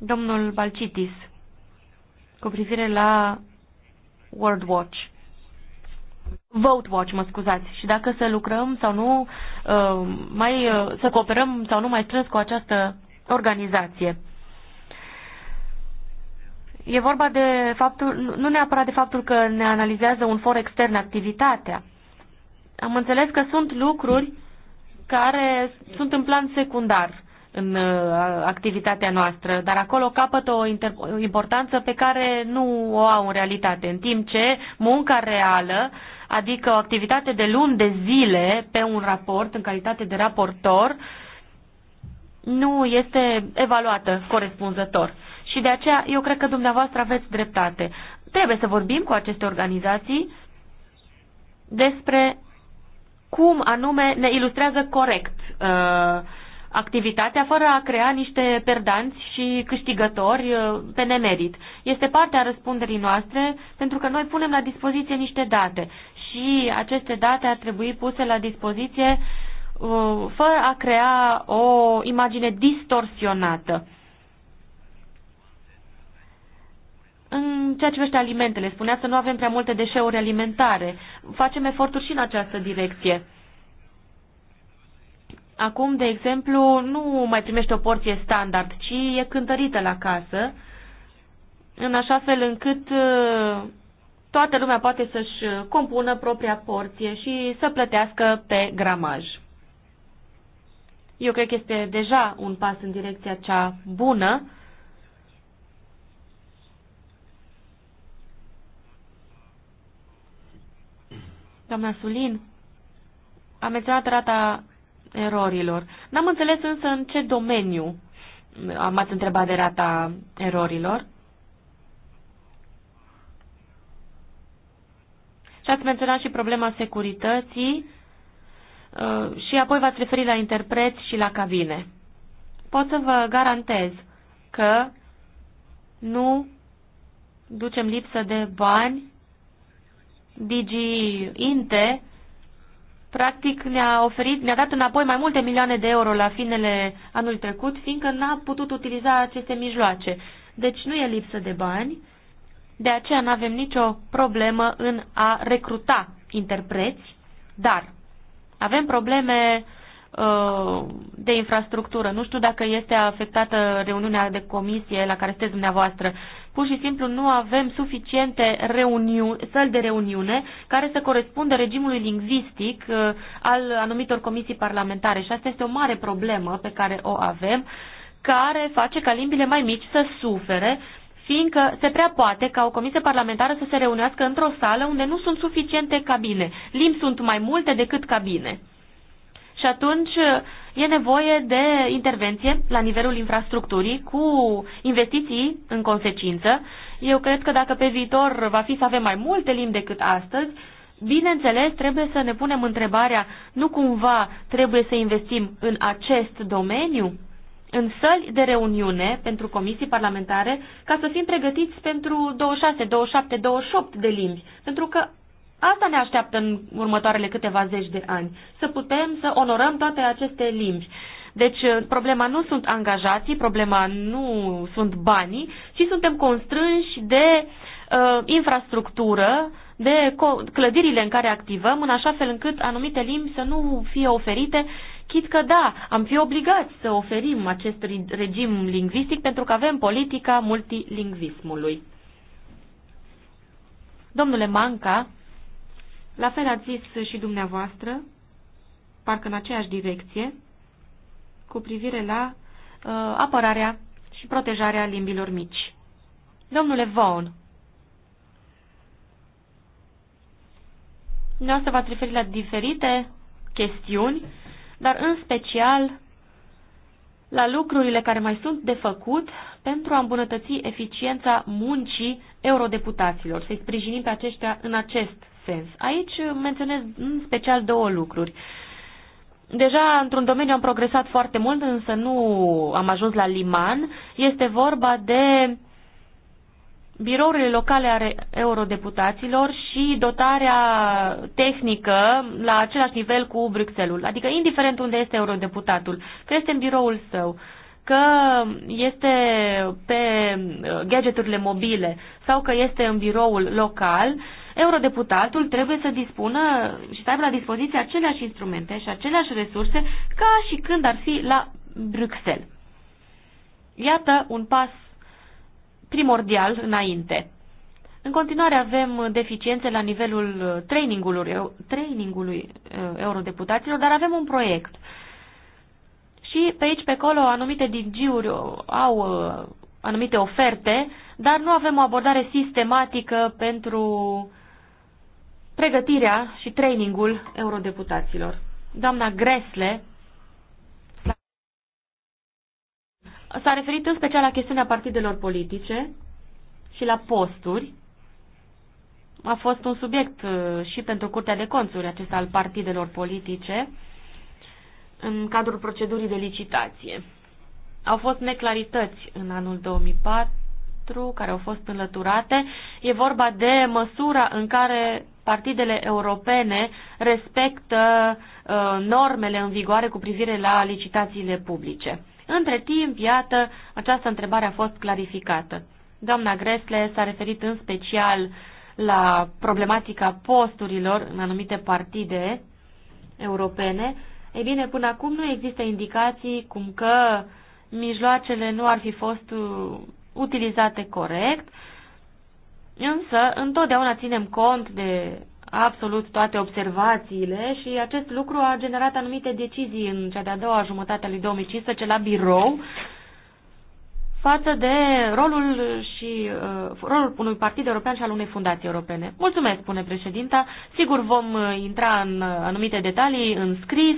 domnul Balcitis cu privire la World Watch. Vote Watch, mă scuzați. Și dacă să lucrăm sau nu, uh, mai, uh, să cooperăm sau nu mai strâns cu această organizație. E vorba de faptul, nu neapărat de faptul că ne analizează un for extern activitatea. Am înțeles că sunt lucruri care sunt în plan secundar în uh, activitatea noastră, dar acolo capătă o, o importanță pe care nu o au în realitate, în timp ce munca reală, adică o activitate de luni de zile pe un raport în calitate de raportor, nu este evaluată corespunzător. Și de aceea eu cred că dumneavoastră aveți dreptate. Trebuie să vorbim cu aceste organizații despre cum anume ne ilustrează corect uh, activitatea fără a crea niște perdanți și câștigători uh, pe nemerit. Este parte a răspunderii noastre pentru că noi punem la dispoziție niște date și aceste date ar trebui puse la dispoziție uh, fără a crea o imagine distorsionată. În ceea ce privește alimentele, spunea să nu avem prea multe deșeuri alimentare. Facem eforturi și în această direcție. Acum, de exemplu, nu mai primește o porție standard, ci e cântărită la casă, în așa fel încât uh, toată lumea poate să-și uh, compună propria porție și să plătească pe gramaj. Eu cred că este deja un pas în direcția cea bună. Doamna Sulin, Am menționat rata erorilor. N-am înțeles însă în ce domeniu am ați întrebat de rata erorilor. Și ați menționat și problema securității uh, și apoi v-ați referit la interpreți și la cabine. Pot să vă garantez că nu ducem lipsă de bani. Digi Inte practic ne-a oferit, ne-a dat înapoi mai multe milioane de euro la finele anului trecut, fiindcă n-a putut utiliza aceste mijloace. Deci nu e lipsă de bani, de aceea nu avem nicio problemă în a recruta interpreți, dar avem probleme uh, de infrastructură. Nu știu dacă este afectată reuniunea de comisie la care sunteți dumneavoastră. Pur și simplu nu avem suficiente săli de reuniune care să corespundă regimului lingvistic uh, al anumitor comisii parlamentare și asta este o mare problemă pe care o avem care face ca limbile mai mici să sufere fiindcă se prea poate ca o comisie parlamentară să se reunească într-o sală unde nu sunt suficiente cabine. Limbi sunt mai multe decât cabine. Și atunci e nevoie de intervenție la nivelul infrastructurii cu investiții în consecință. Eu cred că dacă pe viitor va fi să avem mai multe limbi decât astăzi, bineînțeles trebuie să ne punem întrebarea nu cumva trebuie să investim în acest domeniu? în săli de reuniune pentru comisii parlamentare ca să fim pregătiți pentru 26, 27, 28 de limbi, pentru că Asta ne așteaptă în următoarele câteva zeci de ani, să putem să onorăm toate aceste limbi. Deci uh, problema nu sunt angajații, problema nu sunt banii, ci suntem constrânși de uh, infrastructură, de clădirile în care activăm, în așa fel încât anumite limbi să nu fie oferite, chit că da, am fi obligați să oferim acest regim lingvistic pentru că avem politica multilingvismului. Domnule Manca, la fel ați zis și dumneavoastră, parcă în aceeași direcție, cu privire la uh, apărarea și protejarea limbilor mici. Domnule Vaughan, dumneavoastră v-ați referit la diferite chestiuni, dar în special la lucrurile care mai sunt de făcut pentru a îmbunătăți eficiența muncii eurodeputaților, să-i sprijinim pe aceștia în acest sens. Aici menționez în special două lucruri. Deja într-un domeniu am progresat foarte mult, însă nu am ajuns la liman. Este vorba de birourile locale ale eurodeputaților și dotarea tehnică la același nivel cu Bruxelles, adică indiferent unde este eurodeputatul, că este în biroul său, că este pe uh, gadgeturile mobile sau că este în biroul local, eurodeputatul trebuie să dispună și să aibă la dispoziție aceleași instrumente și aceleași resurse ca și când ar fi la Bruxelles. Iată un pas primordial înainte. În continuare avem deficiențe la nivelul trainingului, trainingului uh, eurodeputaților, dar avem un proiect. Și pe aici, pe acolo, anumite DG-uri au uh, anumite oferte, dar nu avem o abordare sistematică pentru pregătirea și trainingul eurodeputaților. Doamna Gresle s-a referit în special la chestiunea partidelor politice și la posturi. A fost un subiect uh, și pentru Curtea de Conturi acesta al partidelor politice în cadrul procedurii de licitație. Au fost neclarități în anul 2004 care au fost înlăturate. E vorba de măsura în care partidele europene respectă uh, normele în vigoare cu privire la licitațiile publice. Între timp, iată, această întrebare a fost clarificată. Doamna Gresle s-a referit în special la problematica posturilor în anumite partide europene. Ei bine, până acum nu există indicații cum că mijloacele nu ar fi fost uh, utilizate corect Însă, întotdeauna ținem cont de absolut toate observațiile și acest lucru a generat anumite decizii în cea de-a doua jumătate a lui 2015 la birou față de rolul și uh, rolul unui partid european și al unei fundații europene. Mulțumesc, spune președinta. Sigur vom uh, intra în uh, anumite detalii în scris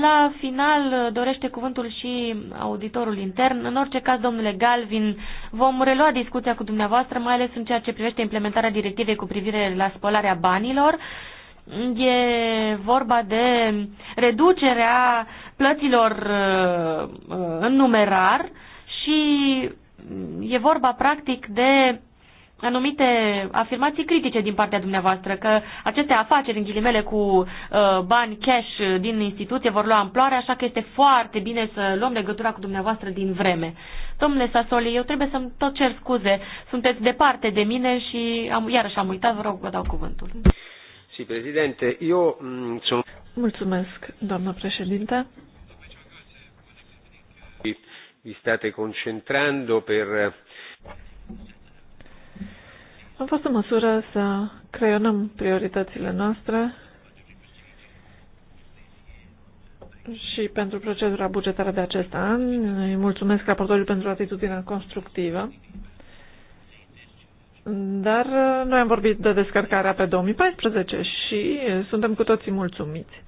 la final uh, dorește cuvântul și auditorul intern. În orice caz, domnule Galvin, vom relua discuția cu dumneavoastră, mai ales în ceea ce privește implementarea directivei cu privire la spălarea banilor. E vorba de reducerea plăților uh, uh, în numerar și e vorba practic de anumite afirmații critice din partea dumneavoastră, că aceste afaceri, în ghilimele, cu uh, bani cash din instituție vor lua amploare, așa că este foarte bine să luăm legătura cu dumneavoastră din vreme. Domnule Sasoli, eu trebuie să-mi tot cer scuze. Sunteți departe de mine și am, iarăși am uitat, vă rog, vă dau cuvântul. Si, președinte, eu... Mm, Mulțumesc, doamnă președinte. Vi state concentrando per am fost în măsură să creionăm prioritățile noastre și pentru procedura bugetară de acest an. Îi mulțumesc raportorului pentru atitudinea constructivă. Dar uh, noi am vorbit de descărcarea pe 2014 și uh, suntem cu toții mulțumiți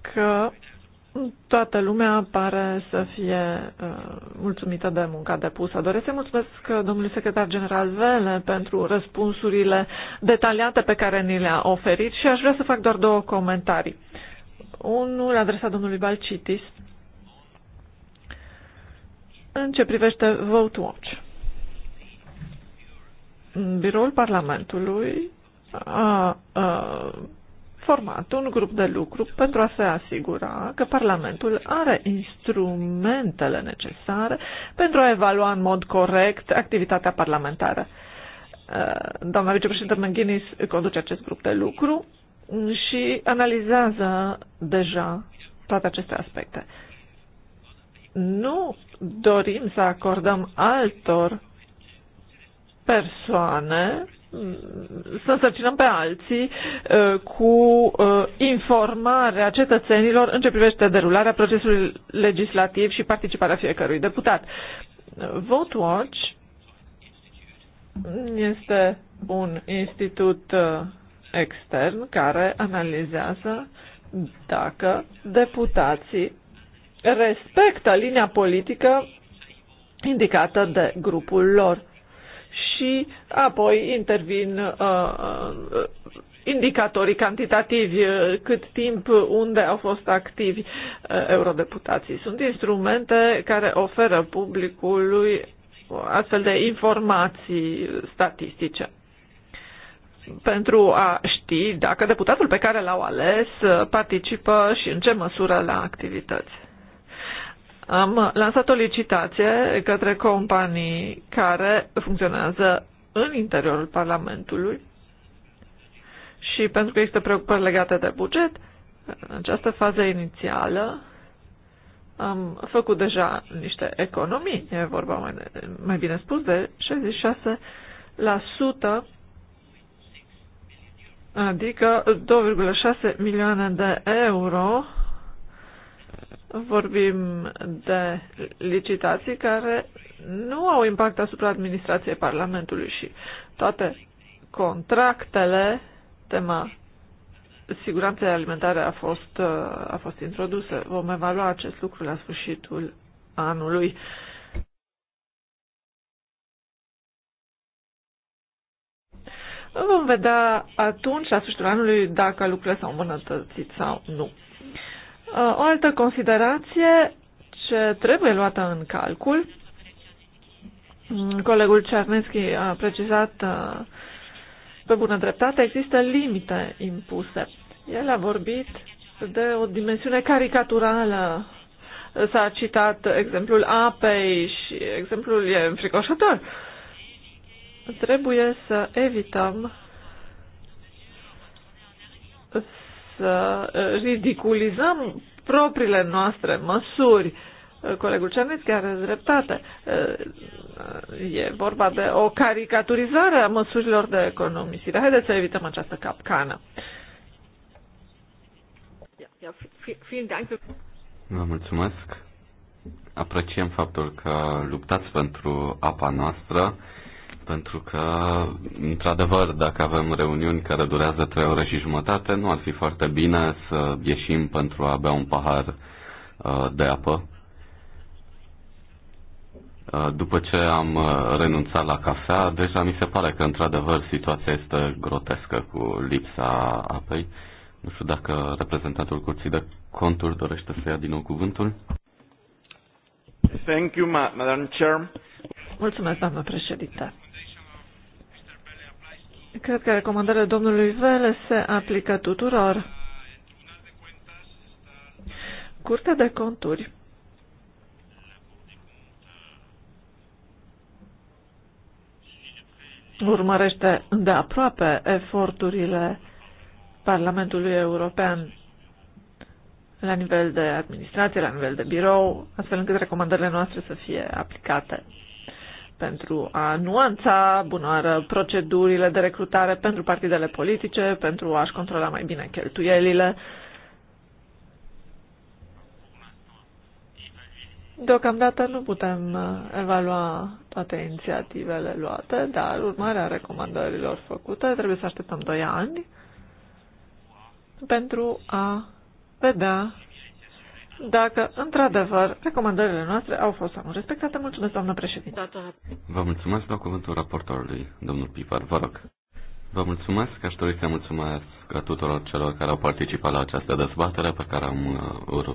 că toată lumea pare să fie uh, mulțumită de munca depusă. Doresc să mulțumesc domnului secretar general Vele pentru răspunsurile detaliate pe care ni le-a oferit și aș vrea să fac doar două comentarii. Unul adresat domnului Balcitis în ce privește Vote Watch. Biroul Parlamentului a, a format un grup de lucru pentru a se asigura că Parlamentul are instrumentele necesare pentru a evalua în mod corect activitatea parlamentară. Uh, doamna vicepreședintă McGuinness conduce acest grup de lucru și analizează deja toate aceste aspecte. Nu dorim să acordăm altor persoane să însărcinăm pe alții uh, cu uh, informarea cetățenilor în ce privește derularea procesului legislativ și participarea fiecărui deputat. Vote Watch este un institut uh, extern care analizează dacă deputații respectă linia politică indicată de grupul lor și apoi intervin uh, uh indicatorii cantitativi, uh, cât timp, unde au fost activi uh, eurodeputații. Sunt instrumente care oferă publicului astfel de informații statistice pentru a ști dacă deputatul pe care l-au ales uh, participă și în ce măsură la activități. Am lansat o licitație către companii care funcționează în interiorul Parlamentului și pentru că există preocupări legate de buget, în această fază inițială am făcut deja niște economii, e vorba mai, mai bine spus de 66%, adică 2,6 milioane de euro vorbim de licitații care nu au impact asupra administrației Parlamentului și toate contractele, tema siguranței alimentare a fost, a fost introdusă. Vom evalua acest lucru la sfârșitul anului. Vom vedea atunci, la sfârșitul anului, dacă lucrurile s-au îmbunătățit sau nu. O altă considerație ce trebuie luată în calcul, colegul Cerneschi a precizat uh, pe bună dreptate, există limite impuse. El a vorbit de o dimensiune caricaturală. S-a citat exemplul apei și exemplul e înfricoșător. Trebuie să evităm să uh, ridiculizăm propriile noastre măsuri. Uh, colegul Cernițchi are dreptate. Uh, e vorba de o caricaturizare a măsurilor de economisire. Haideți să evităm această capcană. Vă mulțumesc. Apreciem faptul că luptați pentru apa noastră pentru că, într-adevăr, dacă avem reuniuni care durează trei ore și jumătate, nu ar fi foarte bine să ieșim pentru a bea un pahar uh, de apă. Uh, după ce am uh, renunțat la cafea, deja mi se pare că, într-adevăr, situația este grotescă cu lipsa apei. Nu știu dacă reprezentantul Curții de Conturi dorește să ia din nou cuvântul. Thank you, Madam Chair. Mulțumesc, doamnă președinte. Cred că recomandările domnului Vele se aplică tuturor. Curtea de conturi urmărește de aproape eforturile Parlamentului European la nivel de administrație, la nivel de birou, astfel încât recomandările noastre să fie aplicate pentru a nuanța bunoară procedurile de recrutare pentru partidele politice, pentru a-și controla mai bine cheltuielile. Deocamdată nu putem uh, evalua toate inițiativele luate, dar urmarea recomandărilor făcute trebuie să așteptăm 2 ani pentru a vedea dacă, într-adevăr, recomandările noastre au fost sau nu respectate. Mulțumesc, doamnă președinte. Vă mulțumesc, dau cuvântul raportorului, domnul Pivar, vă rog. Vă mulțumesc, aș dori să mulțumesc tuturor celor care au participat la această dezbatere pe care am uh,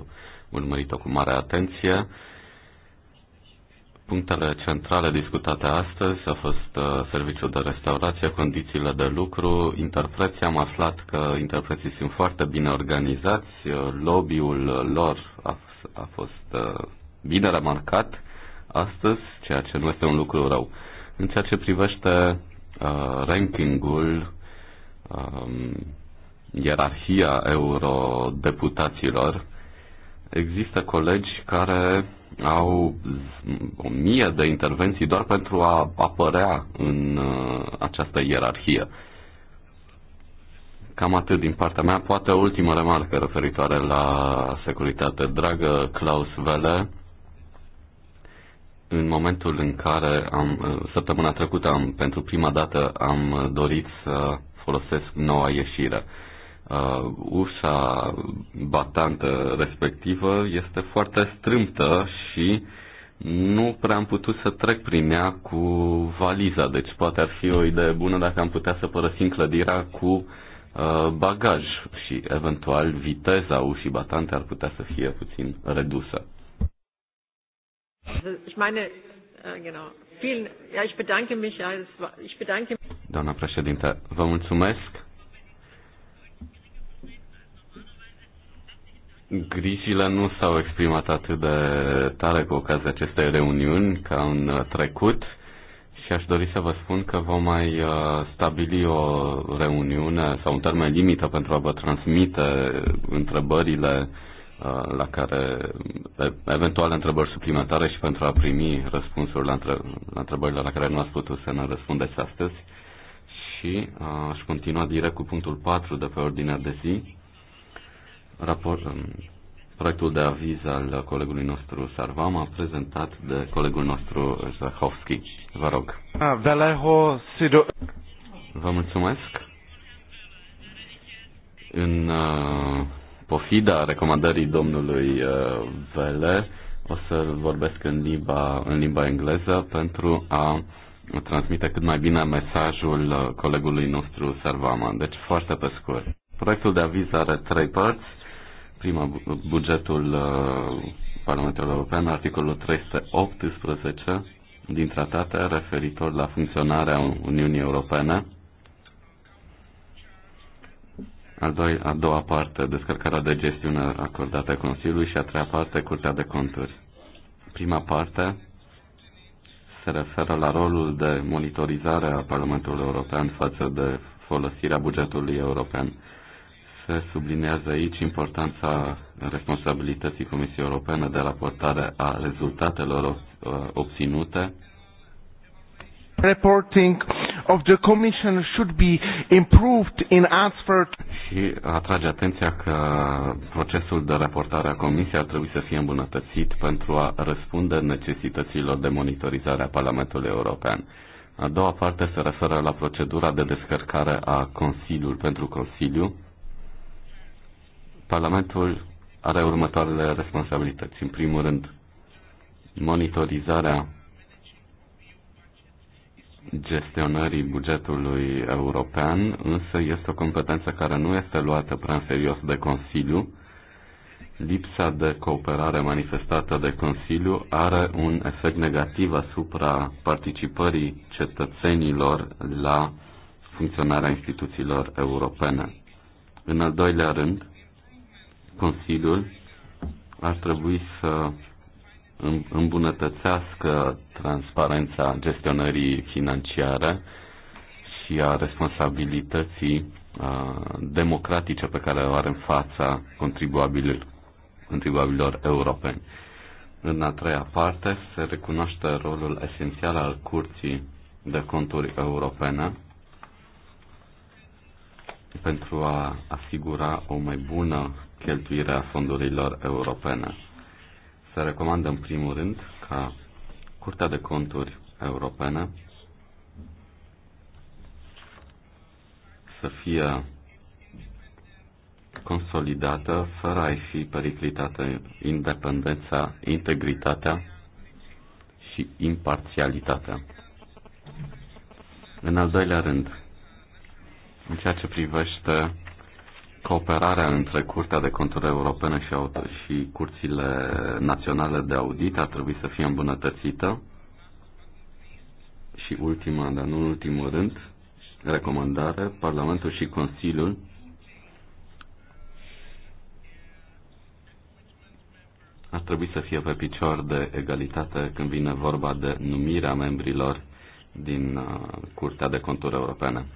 urmărit-o cu mare atenție. Punctele centrale discutate astăzi a fost uh, serviciul de restaurație, condițiile de lucru, interpreții. Am aflat că interpreții sunt foarte bine organizați, uh, lobby-ul lor a, a fost uh, bine remarcat astăzi, ceea ce nu este un lucru rău. În ceea ce privește uh, rankingul, um, ierarhia eurodeputaților, există colegi care au o mie de intervenții doar pentru a apărea în uh, această ierarhie. Cam atât din partea mea. Poate o ultimă remarcă referitoare la securitate. Dragă Klaus Vele, în momentul în care am, uh, săptămâna trecută am, pentru prima dată am dorit să folosesc noua ieșire uh, ușa batantă respectivă este foarte strâmtă și nu prea am putut să trec prin ea cu valiza, deci poate ar fi o idee bună dacă am putea să părăsim clădirea cu uh, bagaj și eventual viteza ușii batante ar putea să fie puțin redusă. Äh, Doamna președinte, vă mulțumesc Grijile nu s-au exprimat atât de tare cu ocazia acestei reuniuni ca în trecut și aș dori să vă spun că vom mai uh, stabili o reuniune sau un termen limită pentru a vă transmite întrebările uh, la care eventuale întrebări suplimentare și pentru a primi răspunsuri la, între, la întrebările la care nu ați putut să ne răspundeți astăzi. Și uh, aș continua direct cu punctul 4 de pe ordinea de zi raport, proiectul de aviz al colegului nostru Sarvama, prezentat de colegul nostru Zahovski. Vă rog. Ah, Vă mulțumesc. În uh, pofida recomandării domnului uh, Vele, o să vorbesc în limba, în limba engleză pentru a transmite cât mai bine mesajul uh, colegului nostru Sarvama. Deci foarte pe scurt. Proiectul de aviz are trei părți exprimă bugetul uh, Parlamentului European, articolul 318 din tratate referitor la funcționarea Uniunii Europene. A doua, a doua parte, descărcarea de gestiune acordată Consiliului și a treia parte, Curtea de Conturi. Prima parte se referă la rolul de monitorizare a Parlamentului European față de folosirea bugetului european se sublinează aici importanța responsabilității Comisiei Europene de raportare a rezultatelor uh, obținute. Reporting of the Commission should be improved in answer. Și atrage atenția că procesul de raportare a Comisiei ar trebui să fie îmbunătățit pentru a răspunde necesităților de monitorizare a Parlamentului European. A doua parte se referă la procedura de descărcare a Consiliului pentru Consiliu Parlamentul are următoarele responsabilități. În primul rând, monitorizarea gestionării bugetului european, însă este o competență care nu este luată prea în serios de Consiliu. Lipsa de cooperare manifestată de Consiliu are un efect negativ asupra participării cetățenilor la funcționarea instituțiilor europene. În al doilea rând, Consiliul ar trebui să îmbunătățească transparența gestionării financiare și a responsabilității democratice pe care o are în fața contribuabililor, contribuabililor europeni. În a treia parte se recunoaște rolul esențial al Curții de Conturi Europene pentru a asigura o mai bună cheltuirea fondurilor europene. Se recomandă în primul rând ca Curtea de Conturi Europene să fie consolidată fără a fi periclitată independența, integritatea și imparțialitatea. În al doilea rând, în ceea ce privește cooperarea între Curtea de Conturi Europene și, și curțile naționale de audit ar trebui să fie îmbunătățită. Și ultima, dar nu în ultimul rând, recomandare, Parlamentul și Consiliul ar trebui să fie pe picior de egalitate când vine vorba de numirea membrilor din uh, Curtea de Conturi Europene.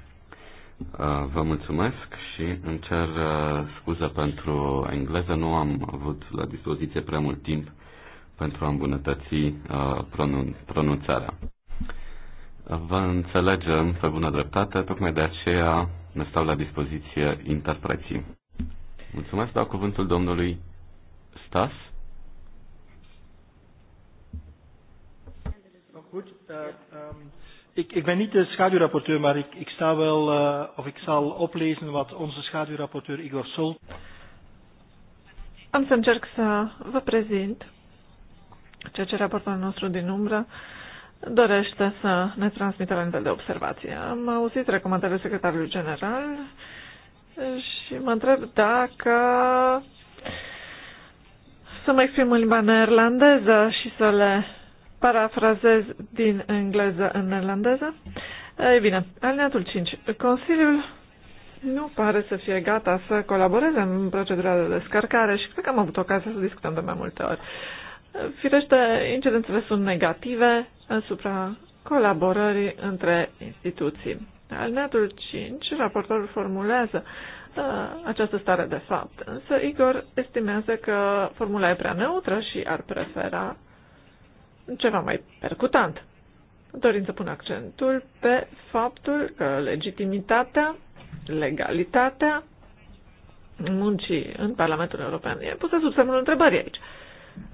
Uh, vă mulțumesc și îmi cer uh, scuze pentru engleză. Nu am avut la dispoziție prea mult timp pentru a îmbunătăți uh, pronunțarea. Vă înțelegem pe bună dreptate, tocmai de aceea ne stau la dispoziție interpreții. Mulțumesc, dau cuvântul domnului Stas. Gut, Ik, ik ben niet de schaduwrapporteur, maar ik, ik sta wel, uh, of ik zal oplezen wat onze schaduwrapporteur Igor Sol. Am să încerc să vă prezint ceea ce raportul nostru din umbră dorește să ne transmită la nivel de observație. Am auzit recomandările secretarului general și mă întreb dacă să mă exprim în limba neerlandeză și să le parafrazez din engleză în neerlandeză. Ei bine, alineatul 5. Consiliul nu pare să fie gata să colaboreze în procedura de descărcare și cred că am avut ocazia să discutăm de mai multe ori. Firește, incidențele sunt negative asupra colaborării între instituții. Alineatul 5, raportorul formulează uh, această stare de fapt, însă Igor estimează că formula e prea neutră și ar prefera ceva mai percutant, Dorim să pun accentul pe faptul că legitimitatea, legalitatea muncii în Parlamentul European e pusă sub semnul întrebării aici.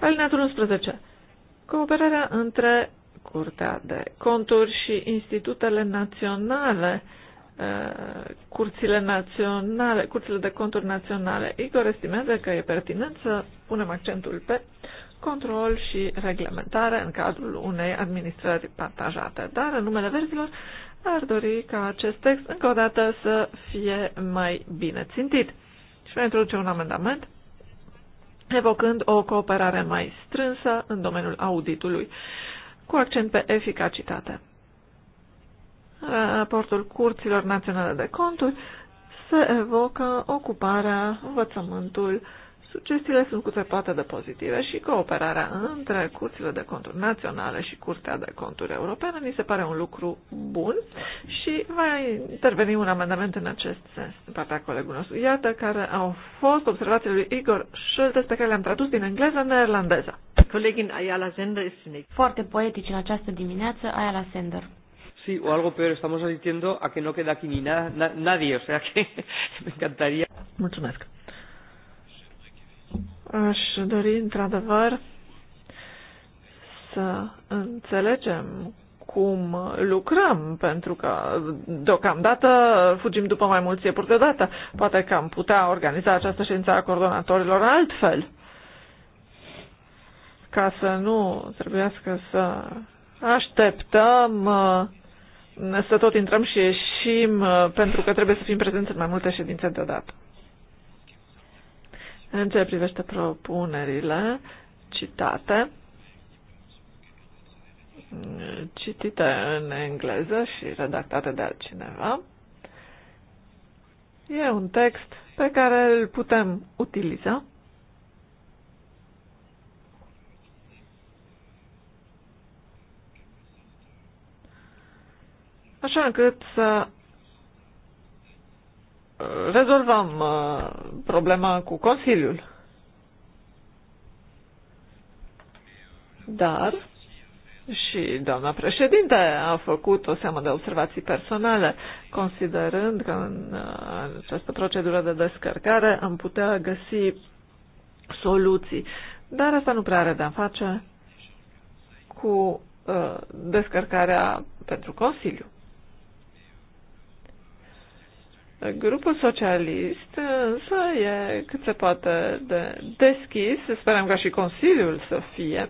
Alineatul 11. Cooperarea între Curtea de Conturi și institutele naționale, curțile naționale, curțile de conturi naționale. Igor estimează că e pertinent să punem accentul pe control și reglementare în cadrul unei administrări partajate. Dar, în numele verzilor, ar dori ca acest text, încă o dată, să fie mai bine țintit. Și va introduce un amendament evocând o cooperare mai strânsă în domeniul auditului, cu accent pe eficacitate. Raportul Curților Naționale de Conturi se evocă ocuparea, învățământul, Sugestiile sunt cu toate de pozitive și cooperarea între curțile de conturi naționale și Curtea de Conturi Europeană mi se pare un lucru bun și va interveni un amendament în acest sens din partea colegului nostru. Iată care au fost observațiile lui Igor Schultes pe care le-am tradus din engleză în neerlandeză. Colegin Ayala Sender este Foarte poetic în această dimineață, Ayala Sender. Sí, o algo peor, estamos asistiendo a que no queda aquí ni nada, na, nadie, o sea que me encantaría. Mulțumesc. Aș dori, într-adevăr, să înțelegem cum lucrăm, pentru că deocamdată fugim după mai mulți iepuri de dată. Poate că am putea organiza această ședință a coordonatorilor altfel, ca să nu trebuiască să așteptăm să tot intrăm și ieșim, pentru că trebuie să fim prezenți în mai multe ședințe deodată. În ce privește propunerile citate, citite în engleză și redactate de altcineva, e un text pe care îl putem utiliza așa încât să rezolvăm uh, problema cu Consiliul. Dar și doamna președinte a făcut o seamă de observații personale, considerând că uh, în această procedură de descărcare am putea găsi soluții. Dar asta nu prea are de-a face cu uh, descărcarea pentru Consiliu. Grupul socialist însă e cât se poate de deschis, sperăm ca și Consiliul să fie,